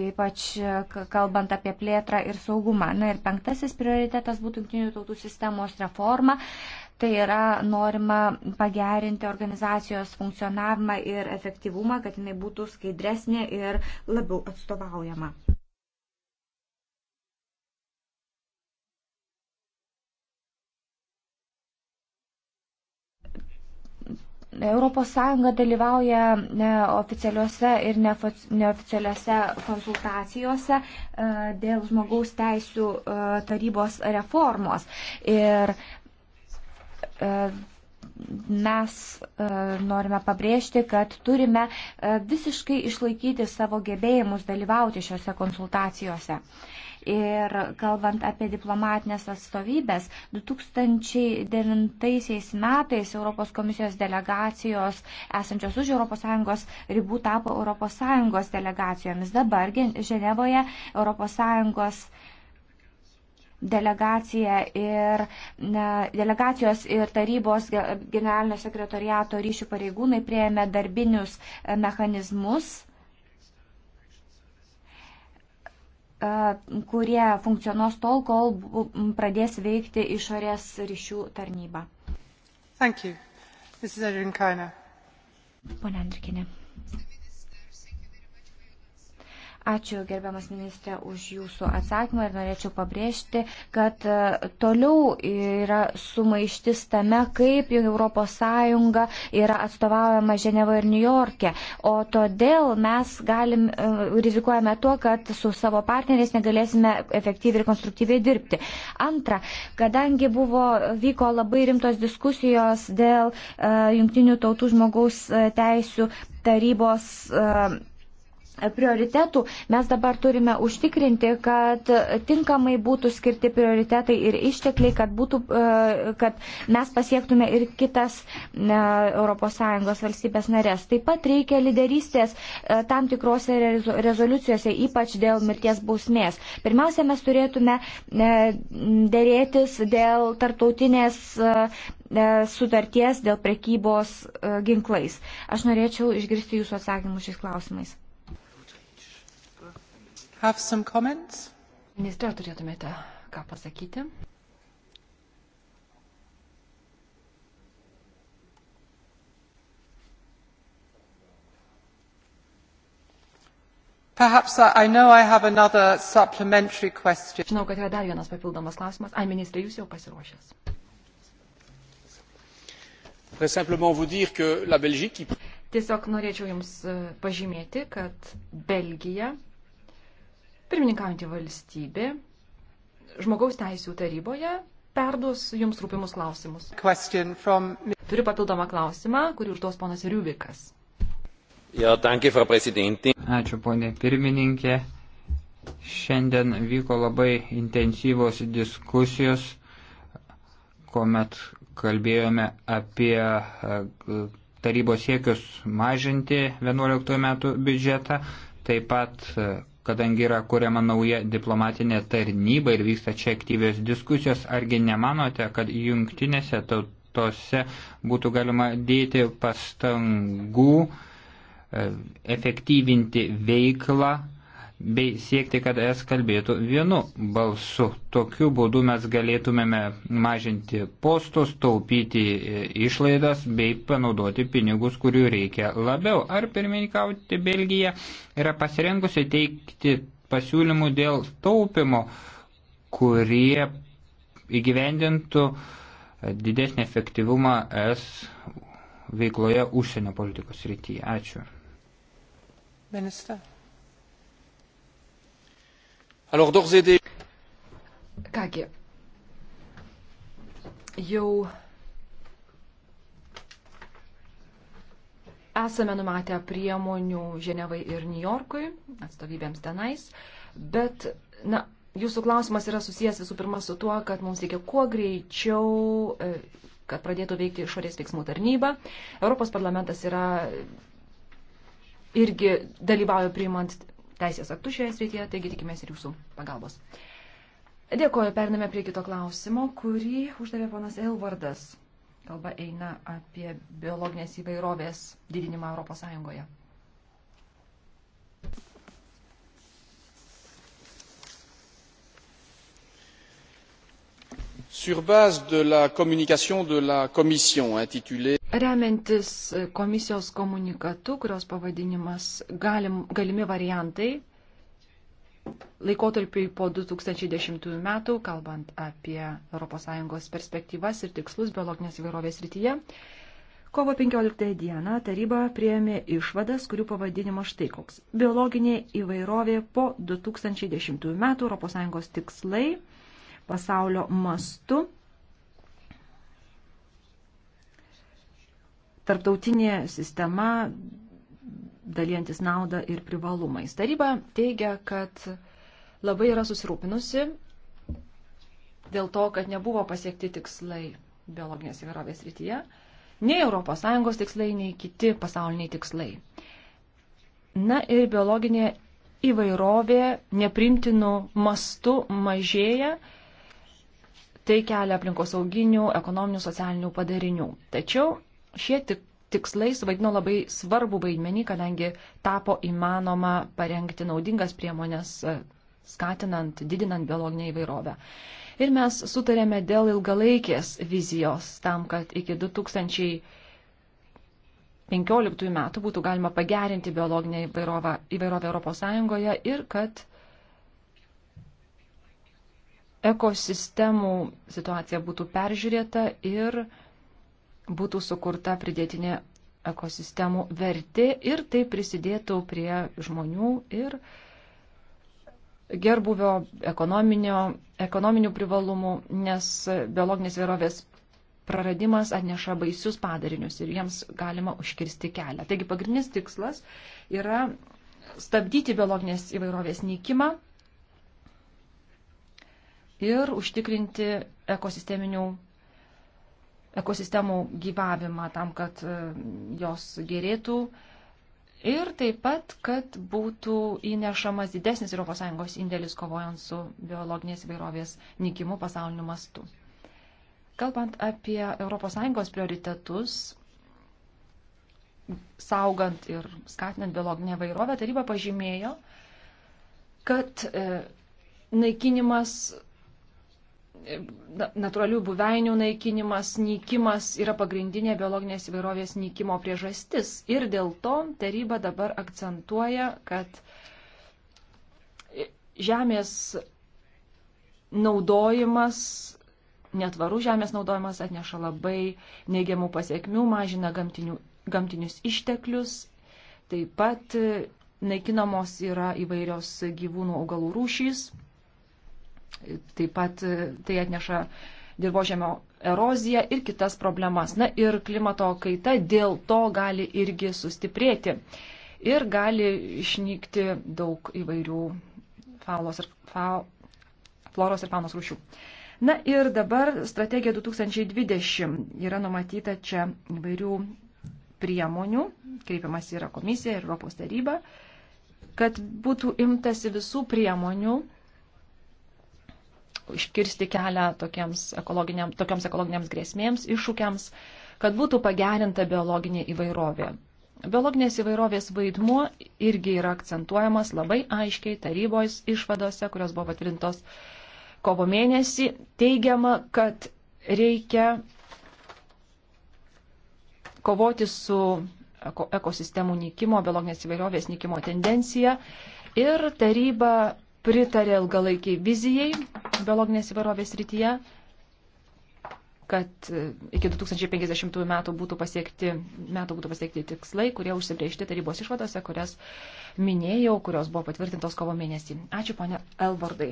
ypač e, kalbant apie plėtrą ir saugumą. Na ir penktasis prioritetas būtų jungtinių tautų sistemos reforma. Uh, Tai yra norima pagerinti organizacijos funkcionavimą ir efektyvumą, kad jinai būtų skaidresnė ir labiau atstovaujama. ES dalyvauja e, oficialiuose ir neoficialiuose konsultacijose e, dėl žmogaus teisų e, tarybos reformos. Ir E, mes e, norime pabrėžti, kad turime e, visiškai išlaikyti savo gebėjimus dalyvauti šiuose konsultacijose. Ir kalbant apie diplomatinės atstovybės, 2009 metais Europos komisijos delegacijos esančios už ES ribų tapo ES delegacijomis. Dabar Ženevoje ES delegacija ir ne, delegacijos ir tarybos generalinio sekretoriato ryšių pareigūnai prieėmė darbinius e, mechanizmus e, kurie funkcionuos tol, kol pradės veikti išorės ryšių tarnyba. Thank you. Mrs. Adrian Kainer. Pone Andrikinė. Ačiū gerbiamas ministrė už jūsų atsakymą ir norėčiau pabrėžti, kad e, toliau yra sumaištis tame, kaip ES yra atstovaujama Ženevoje ir Niujorke. O todėl mes galim, e, rizikuojame tuo, kad su savo partneriais negalėsime efektyviai ir konstruktyviai dirbti. Antra, kadangi buvo, vyko labai rimtos diskusijos dėl uh, e, Junktinių tautų žmogaus teisų tarybos uh, prioritetų mes dabar turime užtikrinti, kad tinkamai būtų skirti prioritetai ir ištekliai, kad, būtų, e, kad mes pasiektume ir kitas e, ES valstybės narės. Taip pat reikia liderystės e, tam tikrose rezoliucijose, ypač dėl mirties bausmės. Pirmiausia, mes turėtume dėrėtis dėl tartautinės sutarties dėl prekybos ginklais. Aš norėčiau išgirsti jūsų atsakymus šiais klausimais have some comments? Ministre, ar turėtumėte ką pasakyti? Perhaps I know I have another supplementary question. Žinau, kad yra dar vienas papildomas klausimas. Ai, ministrė, jūs jau pasiruošęs. Très simplement vous dire que la Belgique... Tiesiog norėčiau Jums e, pažymėti, kad Belgija Pirmininkaujantį valstybė žmogaus teisų taryboje perduos jums rūpimus klausimus. From... Turiu papildomą klausimą, kurį užduos ponas Riubikas. Ja, danke, Ačiū, ponė pirmininkė. Šiandien vyko labai intensyvos diskusijos, kuomet kalbėjome apie e, tarybos siekius mažinti 11 metų biudžetą, taip pat e, kadangi yra kuriama nauja diplomatinė tarnyba ir vyksta čia aktyvios diskusijos, argi nemanote, kad jungtinėse tautose būtų galima dėti pastangų e, efektyvinti veiklą bei siekti, kad es kalbėtų vienu balsu. Tokiu būdu mes galėtumėme mažinti postus, taupyti e, išlaidas bei panaudoti pinigus, kurių reikia labiau. Ar pirmininkauti Belgija yra pasirengusi teikti pasiūlymų dėl taupimo, kurie įgyvendintų didesnį efektyvumą es veikloje užsienio politikos rytyje. Ačiū. Minister. Alors d'ores et déjà. Kągi. Jau esame numatę priemonių Ženevai ir Niujorkui, atstovybėms tenais, bet, na, jūsų klausimas yra susijęs visų pirma su tuo, kad mums reikia kuo greičiau, e, kad pradėtų veikti išorės veiksmų tarnyba. Europos parlamentas yra irgi dalyvauja priimant teisės aktus šioje srityje, taigi tikimės ir jūsų pagalbos. Dėkoju, pername prie kito klausimo, kurį uždavė ponas Elvardas. Kalba eina apie biologinės įvairovės didinimą Europos Sąjungoje. Sur base de la communication de la Commission intitulée Remiantis komisijos komunikatu, kurios pavadinimas galim, galimi variantai laikotarpiui po 2010 metų, kalbant apie ES perspektyvas ir tikslus biologinės įvairovės rytyje, kovo 15 dieną taryba prieėmė išvadas, kurių pavadinimo štai koks. Biologinė įvairovė po 2010 metų ES tikslai pasaulio mastu tarptautinė sistema daliantis naudą ir privalumais. Taryba teigia, kad labai yra susirūpinusi dėl to, kad nebuvo pasiekti tikslai biologinės įvairovės rytyje, nei ES tikslai, nei kiti pasauliniai tikslai. Na ir biologinė įvairovė neprimtinų mastų mažėja, tai kelia aplinkosauginių, ekonominių, socialinių padarinių. Tačiau Šie tik tikslai suvaidino labai svarbų vaidmenį, kadangi tapo įmanoma parengti naudingas priemonės e, skatinant, didinant biologinę įvairovę. Ir mes sutarėme dėl ilgalaikės vizijos tam, kad iki 2015 metų būtų galima pagerinti biologinę įvairovę, įvairovę Europos Sąjungoje ir kad ekosistemų situacija būtų peržiūrėta ir būtų sukurta pridėtinė ekosistemų vertė ir tai prisidėtų prie žmonių ir gerbuvio ekonominių privalumų, nes biologinės vėrovės praradimas atneša baisius padarinius ir jiems galima užkirsti kelią. Taigi pagrindinis tikslas yra stabdyti biologinės įvairovės nykimą ir užtikrinti ekosisteminių ekosistemų gyvavimą tam, kad e, jos gerėtų ir taip pat, kad būtų įnešamas didesnis ES indėlis kovojant su biologinės įvairovės nikimu pasauliniu mastu. Kalbant apie ES prioritetus, saugant ir skatinant biologinę įvairovę, taryba pažymėjo, kad e, naikinimas natūralių buveinių naikinimas, nykimas yra pagrindinė biologinės įvairovės nykimo priežastis. Ir dėl to taryba dabar akcentuoja, kad žemės naudojimas, netvarų žemės naudojimas atneša labai neigiamų pasiekmių, mažina gamtinių, gamtinius išteklius, taip pat naikinamos yra įvairios gyvūnų augalų rūšys Taip pat e, tai atneša dirbožėmio eroziją ir kitas problemas. Na ir klimato kaita dėl to gali irgi sustiprėti ir gali išnykti daug įvairių faulos ir fau, floros ir faunos rūšių. Na ir dabar strategija 2020 yra numatyta čia įvairių priemonių, kreipiamas yra komisija ir Europos taryba, kad būtų imtasi visų priemonių iškirsti kelią tokiems ekologiniam, tokioms ekologiniams grėsmėms, iššūkiams, kad būtų pagerinta biologinė įvairovė. Biologinės įvairovės vaidmuo irgi yra akcentuojamas labai aiškiai tarybos išvadose, kurios buvo patvirtintos kovo mėnesį. Teigiama, kad reikia kovoti su ekosistemų nykimo, biologinės įvairovės nykimo tendencija ir taryba pritarė ilgalaikiai vizijai biologinės įvairovės rytyje, kad e, iki 2050 metų būtų pasiekti, metų būtų pasiekti tikslai, kurie užsibriežti tarybos išvadose, kurias minėjau, kurios buvo patvirtintos kovo mėnesį. Ačiū, ponė Elvardai.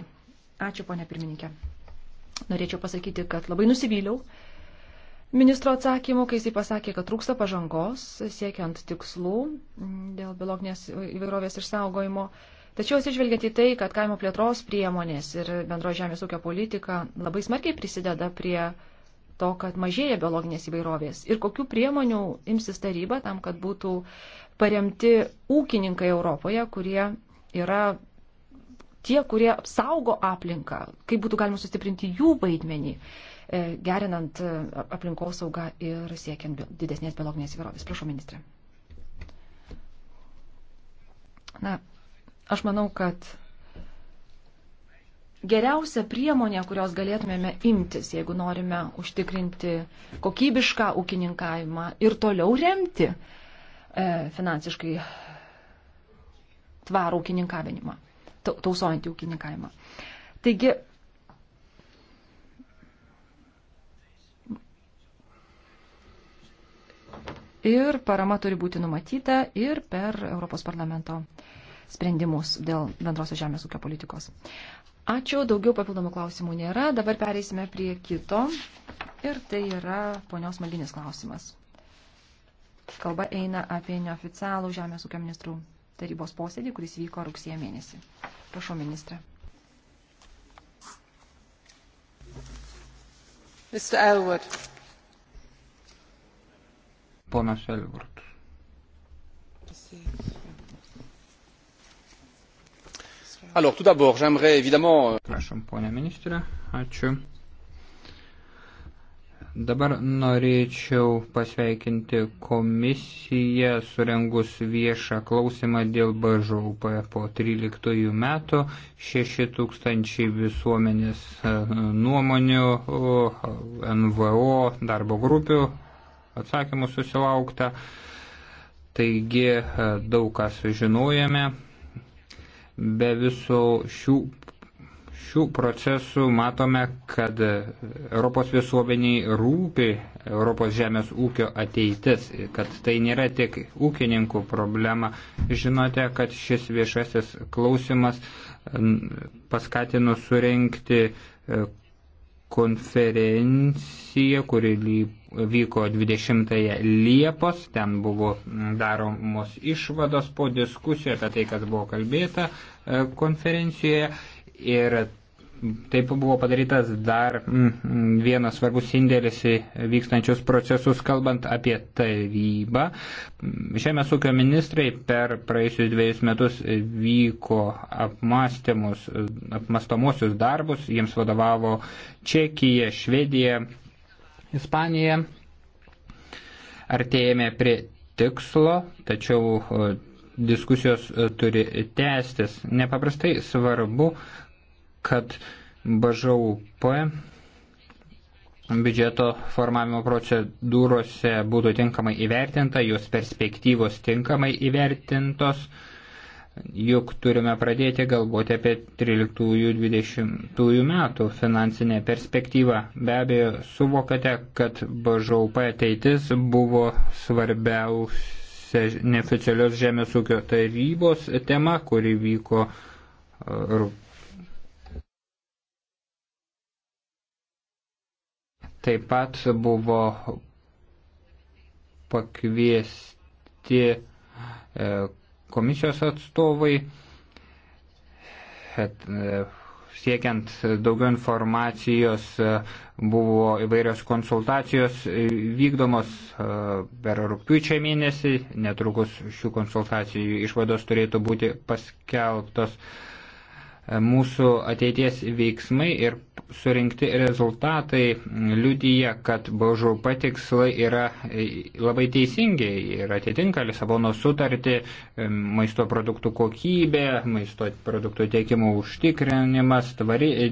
Ačiū, ponė pirmininkė. Norėčiau pasakyti, kad labai nusivyliau ministro atsakymu, kai jisai pasakė, kad trūksta pažangos siekiant tikslų dėl biologinės įvairovės išsaugojimo. Tačiau atsižvelgiant į tai, kad kaimo plėtros priemonės ir bendro žemės ūkio politika labai smarkiai prisideda prie to, kad mažėja biologinės įvairovės ir kokių priemonių imsis taryba tam, kad būtų paremti ūkininkai Europoje, kurie yra tie, kurie apsaugo aplinką, kaip būtų galima sustiprinti jų vaidmenį, e, gerinant e, aplinkosaugą ir siekiant didesnės biologinės įvairovės. Prašau, ministrė. Na, Aš manau, kad geriausia priemonė, kurios galėtumėme imtis, jeigu norime užtikrinti kokybišką ūkininkavimą ir toliau remti e, finansiškai tvarų ūkininkavimą, tausojantį ūkininkavimą. Taigi, ir parama turi būti numatyta ir per Europos parlamento sprendimus dėl bendrosios žemės ūkio politikos. Ačiū, daugiau papildomų klausimų nėra. Dabar pereisime prie kito. Ir tai yra ponios Maginis klausimas. Kalba eina apie neoficialų Žemės ūkio ministrų tarybos posėdį, kuris vyko rugsėje mėnesį. Prašau, ministrė. Mr. Elwood. Ponas Elwood. Pasieks. Alors, tout d'abord, j'aimerais évidemment. Euh, Prašom, ponia ministrė, ačiū. Dabar norėčiau pasveikinti komisiją surengus viešą klausimą dėl BŽUP po 13 metų. 6 tūkstančiai visuomenės e, nuomonių, NVO, darbo grupių atsakymų susilaukta. Taigi e, daug ką sužinojame. Be visų šių, šių procesų matome, kad Europos visuomeniai rūpi Europos žemės ūkio ateitis, kad tai nėra tik ūkininkų problema. Žinote, kad šis viešasis klausimas paskatino surenkti konferencija, kuri vyko 20 Liepos, ten buvo daromos išvados po diskusiją apie tai, kas buvo kalbėta e, konferencijoje ir Taip buvo padarytas dar mm, mm, vienas svarbus indėlis į vykstančius procesus, kalbant apie tarybą. Mm, Žemės ūkio ministrai per praėjusius dviejus metus vyko apmastomosius darbus, jiems vadovavo Čekija, Švedija, Ispanija. Artėjame prie tikslo, tačiau e, diskusijos e, turi tęstis. Nepaprastai svarbu, kad BŽUP biudžeto formavimo procedūrose būtų tinkamai įvertinta, jos perspektyvos tinkamai įvertintos, juk turime pradėti galvoti apie 13-20 metų finansinę perspektyvą. Be abejo, suvokate, kad BŽUP ateitis buvo svarbiausia neoficialios Žemės ūkio tarybos tema, kuri vyko e, Taip pat buvo pakviesti e, komisijos atstovai, e, siekiant daugiau informacijos e, buvo įvairios konsultacijos vykdomos per rūpiučio mėnesį, netrukus šių konsultacijų išvados turėtų būti paskelbtos mūsų ateities veiksmai ir surinkti rezultatai liudyja, kad bažų patikslai yra e, labai teisingi ir atitinka Lisabono sutartį, e, maisto produktų kokybė, maisto produktų tiekimo užtikrinimas, tvari e,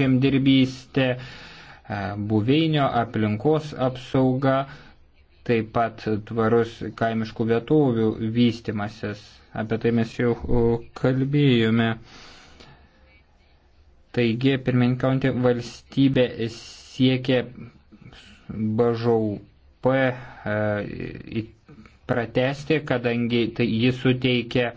žemdirbystė, buveinio aplinkos apsauga, taip pat tvarus kaimiškų vietovių vystimasis. Apie tai mes jau kalbėjome. Taigi, pirmininkaujantį valstybę siekia BŽUP e, pratesti, kadangi tai jis suteikia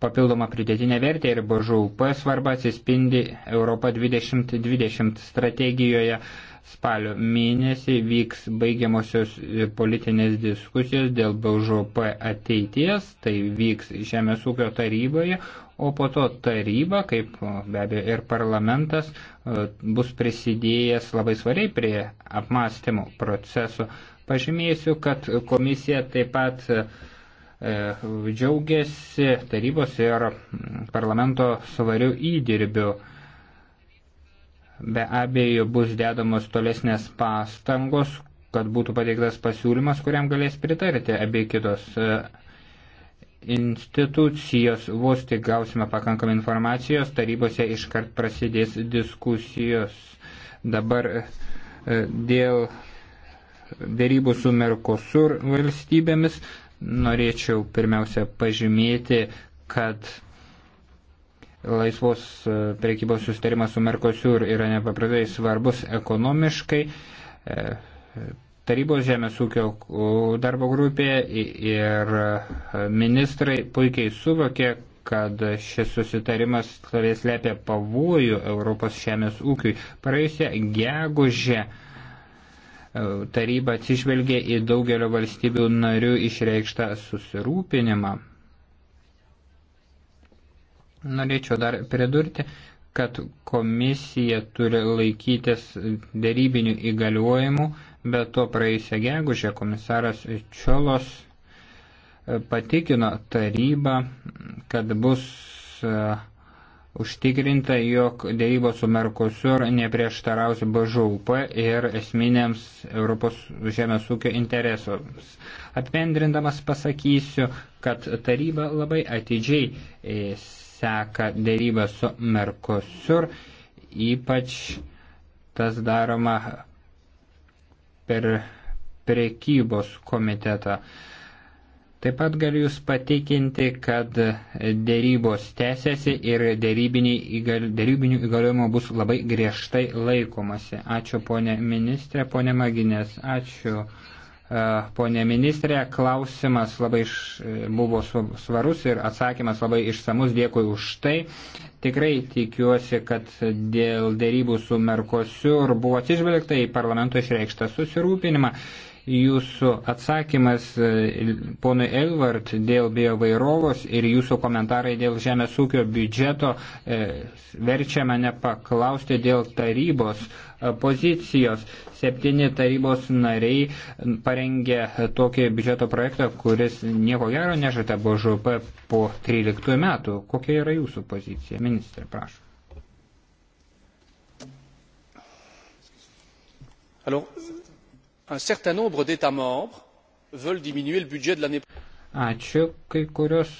papildomą pridėtinę vertę ir BŽUP svarba atsispindi Europa 2020 strategijoje. Spalio mėnesį vyks baigiamosios politinės diskusijos dėl BŽUP ateities, tai vyks Žemės ūkio taryboje, o po to taryba, kaip be abejo ir parlamentas, e, bus prisidėjęs labai svariai prie apmąstymo procesų. Pažymėsiu, kad komisija taip pat e, džiaugiasi tarybos ir parlamento svarių įdirbių. Be abejo, bus dedamos tolesnės pastangos, kad būtų pateiktas pasiūlymas, kuriam galės pritarti abie kitos e, institucijos, vos tik gausime pakankamai informacijos, tarybose iškart prasidės diskusijos. Dabar e, dėl dėrybų su Merkosur valstybėmis norėčiau pirmiausia pažymėti, kad laisvos e, prekybos sustarimas su Merkosur yra nepaprastai svarbus ekonomiškai e, tarybos žemės ūkio darbo grupė ir ministrai puikiai suvokė, kad šis susitarimas turės lėpia pavojų Europos žemės ūkiui. Praėjusią gegužę e, taryba atsižvelgė į daugelio valstybių narių išreikštą susirūpinimą. Norėčiau dar pridurti, kad komisija turi laikytis dėrybinių įgaliojimų Bet to praeisę gegužę komisaras Čiolos e, patikino tarybą, kad bus e, užtikrinta, jog dėrybos su Merkosur neprieštaraus BŽUP ir esminėms Europos žemės ūkio interesams. Apendrindamas pasakysiu, kad taryba labai atidžiai e, seka dėrybą su Merkosur, ypač tas daroma per priekybos komitetą. Taip pat galiu Jūs patikinti, kad dėrybos tęsiasi ir dėrybinių įgaliojimų bus labai griežtai laikomasi. Ačiū ponė ministrė, ponė Maginės, ačiū. Pone ministrė, klausimas labai iš, e, buvo svarus ir atsakymas labai išsamus. Dėkui už tai. Tikrai tikiuosi, kad dėl dėrybų su Merkosiu buvo atsižvelgta į parlamento išreikštą susirūpinimą jūsų atsakymas e, ponui Elvart dėl biovairovos ir jūsų komentarai dėl žemės ūkio biudžeto e, verčia mane paklausti dėl tarybos e, pozicijos. Septyni tarybos nariai parengė tokį biudžeto projektą, kuris nieko gero nežada BŽP po 13 metų. Kokia yra jūsų pozicija, ministrė, prašau. Alors, un certain nombre d'États membres veulent diminuer le budget de l'année Ačiū, kai kurios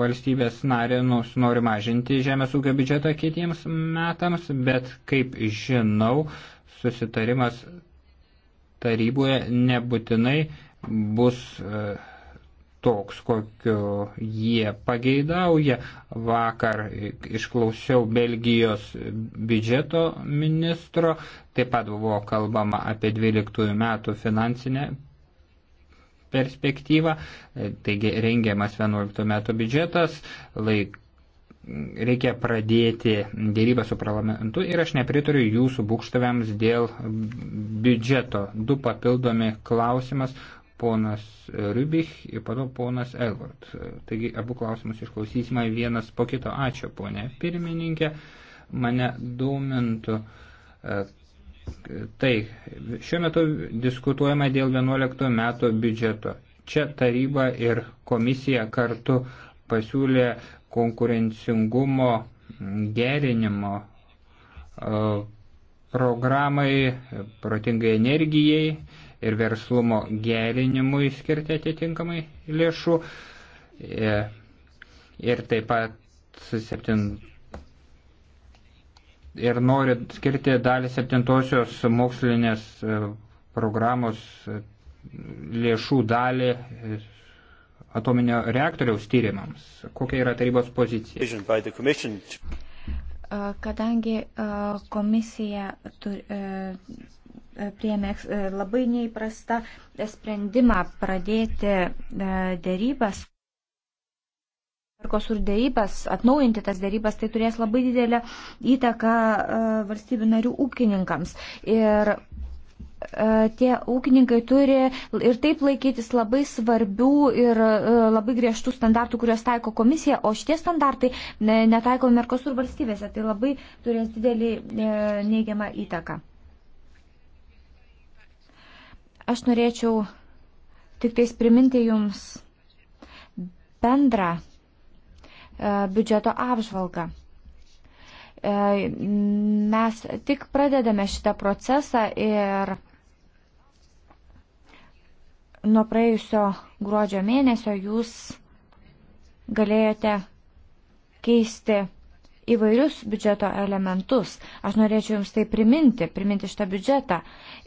valstybės narės nori mažinti žemės ūkio biudžetą kitiems metams, bet kaip žinau, susitarimas taryboje nebūtinai bus uh, toks, kokio jie pageidauja. Vakar išklausiau Belgijos biudžeto ministro, taip pat buvo kalbama apie 12 metų finansinę perspektyvą, taigi rengiamas 11 metų biudžetas, laik, reikia pradėti dėrybę su parlamentu ir aš nepritariu jūsų būkštavėms dėl biudžeto. Du papildomi klausimas ponas Rybich ir padau ponas Elvart. Taigi abu klausimus išklausysime vienas po kito. Ačiū, ponė pirmininkė. Mane domintų e, tai. Šiuo metu diskutuojama dėl 11 metų biudžeto. Čia taryba ir komisija kartu pasiūlė konkurencingumo gerinimo e, programai, protingai energijai ir verslumo gerinimui skirti atitinkamai lėšų. E, ir taip pat 7. Ir nori skirti dalį septintosios mokslinės e, programos e, lėšų dalį atominio reaktoriaus tyrimams. Kokia yra tarybos pozicija? Kadangi komisija turi, prieėmė e, labai neįprastą sprendimą pradėti e, dėrybas. Merkosur dėrybas, atnaujinti tas dėrybas, tai turės labai didelę įtaką e, valstybių narių ūkininkams. Ir tie ūkininkai turi ir taip laikytis labai svarbių ir labai griežtų standartų, kuriuos taiko komisija, o šitie standartai netaiko Merkosur valstybėse. Tai labai turės didelį neigiamą įtaką. Aš norėčiau tik tais priminti Jums bendrą e, biudžeto apžvalgą. E, mes tik pradedame šitą procesą ir nuo praėjusio gruodžio mėnesio jūs galėjote keisti įvairius biudžeto elementus. Aš norėčiau Jums tai priminti, priminti šitą biudžetą.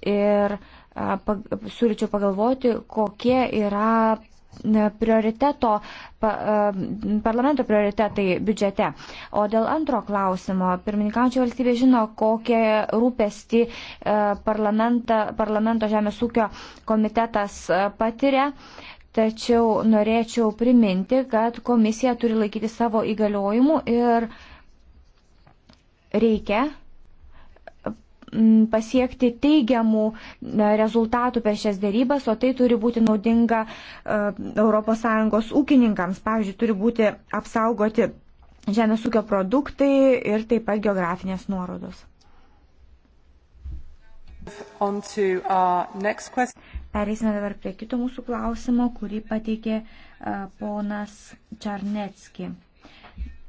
Ir uh, pag, siūlyčiau pagalvoti, kokie yra prioriteto, pa, parlamento prioritetai biudžete. O dėl antro klausimo, pirmininkaujančio valstybė žino, kokie rūpesti parlamento žemės ūkio komitetas patiria. Tačiau norėčiau priminti, kad komisija turi laikyti savo įgaliojimų ir reikia pasiekti teigiamų e, rezultatų per šias dėrybas, o tai turi būti naudinga ES ūkininkams. Pavyzdžiui, turi būti apsaugoti žemės ūkio produktai ir taip pat geografinės nuorodos. Pereisime dabar prie kito mūsų klausimo, kurį pateikė e, ponas Čarnecki.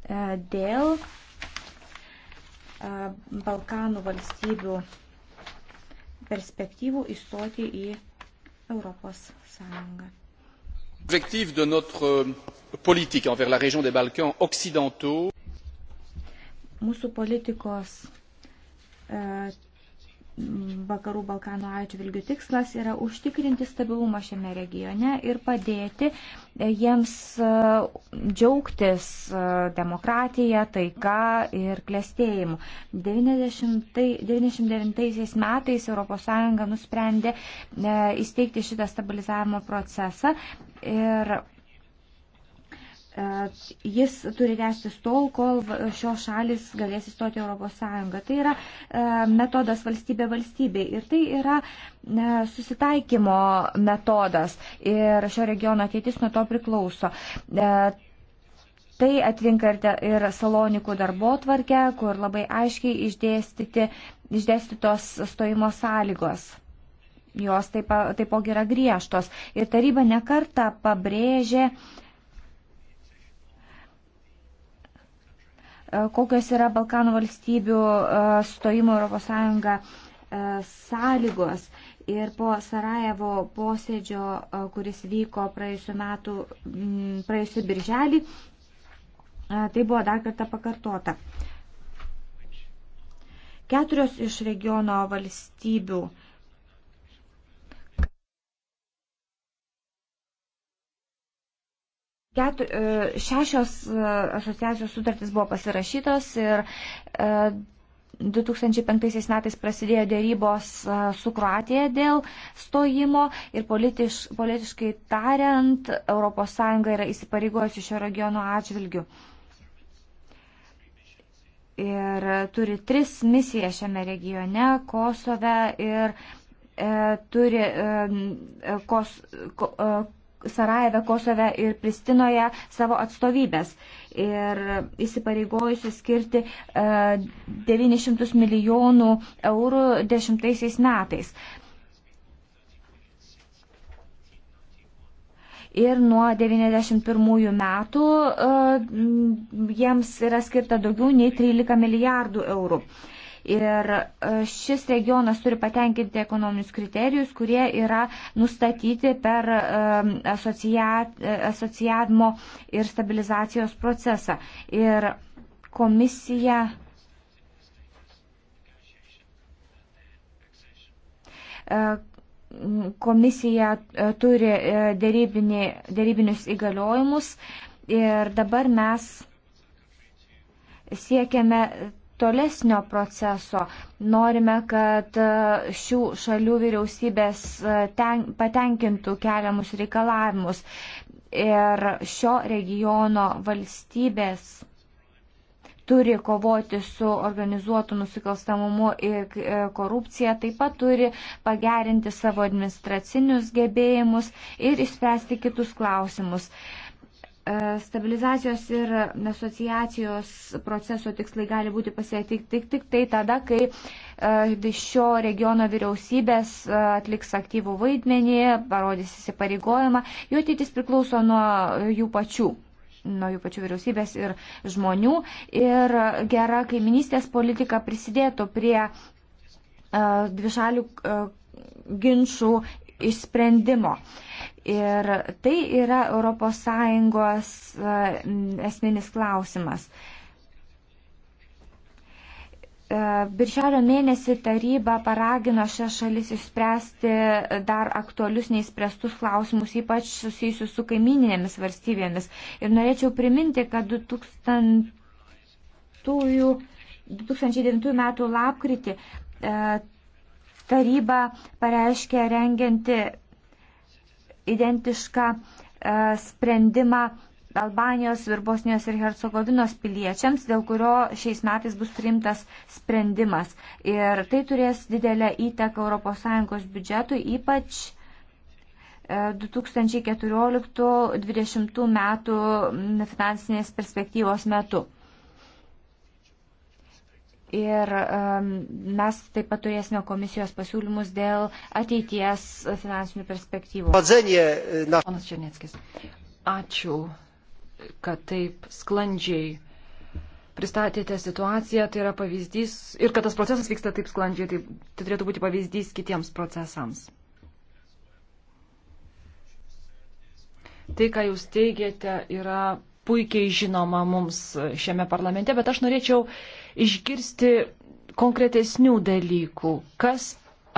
E, dėl E, Balkanų valstybių perspektyvų įstoti į Europos Sąjungą. Objektyv de notre euh, politique envers la région des Balkans occidentaux. Mūsų politikos e, Vakarų Balkanų atžvilgių tikslas yra užtikrinti stabilumą šiame regione ir padėti e, jiems e, džiaugtis e, demokratija, taika ir klėstėjimu. 99 metais ES nusprendė įsteigti šitą stabilizavimo procesą ir jis turi tęstis tol, kol šios šalis galės įstoti Europos Sąjungą. Tai yra e, metodas valstybė valstybė ir tai yra e, susitaikymo metodas ir šio regiono ateitis nuo to priklauso. E, tai atvinka ir salonikų darbo tvarkę, kur labai aiškiai išdėstytos stojimo sąlygos jos taip, taipogi yra griežtos. Ir taryba nekarta pabrėžė, uh, E, kokios yra Balkanų valstybių e, stojimo Europos Sąjunga e, sąlygos. Ir po Sarajevo posėdžio, kuris vyko praėjusiu metu, praėjusiu birželį, tai buvo dar kartą pakartota. Keturios iš regiono valstybių Ketu, e, šešios e, asociacijos sutartys buvo pasirašytos ir 2005 e, metais prasidėjo dėrybos su Kroatija dėl stojimo ir politiš, politiškai tariant, ES yra įsipareigojusi šio regiono atžvilgių. Ir turi tris misijas šiame regione - Kosove ir e, turi e, kos, ko, e, Sarajeve, Kosove ir Pristinoje savo atstovybės ir įsipareigojusi skirti 900 e, milijonų eurų dešimtaisiais metais. ir nuo 91 metų e, jiems yra skirta daugiau nei 13 milijardų eurų. Ir e, šis regionas turi patenkinti ekonominius kriterijus, kurie yra nustatyti per e, asociavimo e, ir stabilizacijos procesą. Ir komisija komisija turi dėrybinį, dėrybinius įgaliojimus ir dabar mes siekiame tolesnio proceso. Norime, kad e, šių šalių vyriausybės e, ten, patenkintų keliamus reikalavimus ir šio regiono valstybės turi kovoti su organizuotu nusikalstamumu ir e, korupcija, taip pat turi pagerinti savo administracinius gebėjimus ir išspręsti kitus klausimus. Uh, E, stabilizacijos ir asociacijos proceso tikslai gali būti pasiekti tik, tik tai tada, kai e, šio regiono vyriausybės e, atliks aktyvų vaidmenį, parodys įsipareigojimą, jų ateitis priklauso nuo jų pačių nuo jų pačių vyriausybės ir žmonių. Ir gera kaiminystės politika prisidėtų prie uh, dvišalių uh, ginčių išsprendimo. Uh, Ir tai yra ES e, esminis klausimas. E, birželio mėnesį taryba paragino šią šalis išspręsti dar aktualius neįspręstus klausimus, ypač susijusius su kaimininėmis valstybėmis. Ir norėčiau priminti, kad 2000, 2009 m. lapkritį e, taryba pareiškė rengianti identišką e, sprendimą Albanijos ir Bosnijos ir Hercegovinos piliečiams, dėl kurio šiais metais bus priimtas sprendimas. Ir tai turės didelę įteką ES biudžetui, ypač 2014-2020 e, metų finansinės perspektyvos metu. Ir um, mes taip pat turėsime komisijos pasiūlymus dėl ateities finansinių perspektyvų. E, Ponas Černieckis, ačiū, kad taip sklandžiai pristatėte situaciją, tai yra pavyzdys ir kad tas procesas vyksta taip sklandžiai, tai, tai turėtų būti pavyzdys kitiems procesams. Tai, ką jūs teigiate, yra puikiai žinoma mums šiame parlamente, bet aš norėčiau uh, išgirsti konkretesnių dalykų, kas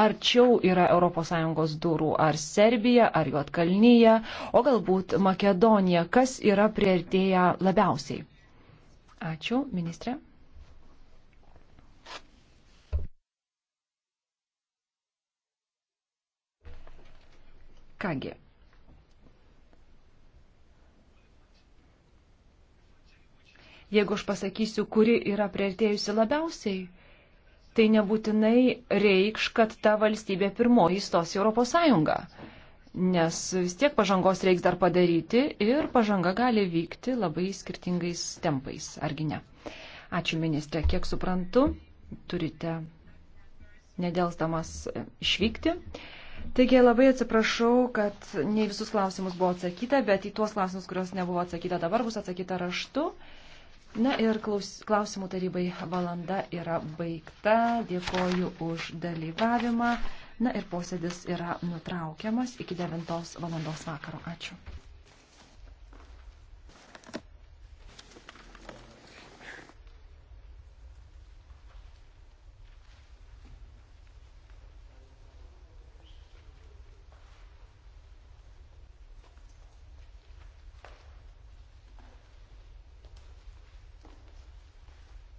arčiau yra ES durų, ar Serbija, ar Juotkalnyje, o galbūt Makedonija, kas yra prieartėję labiausiai. Ačiū, ministrė. Kągi, Jeigu aš pasakysiu, kuri yra prieartėjusi labiausiai, tai nebūtinai reikš, kad ta valstybė pirmoji įstos į Europos Sąjungą. Nes vis tiek pažangos reiks dar padaryti ir pažanga gali vykti labai skirtingais tempais, argi ne. Ačiū ministrė, kiek suprantu, turite nedėlstamas išvykti. Taigi labai atsiprašau, kad ne visus klausimus buvo atsakyta, bet į tuos klausimus, kuriuos nebuvo atsakyta dabar, bus atsakyta raštu. Na ir klaus, klausimų tarybai valanda yra baigta. Dėkoju už dalyvavimą. Na ir posėdis yra nutraukiamas iki 9 valandos vakaro. Ačiū.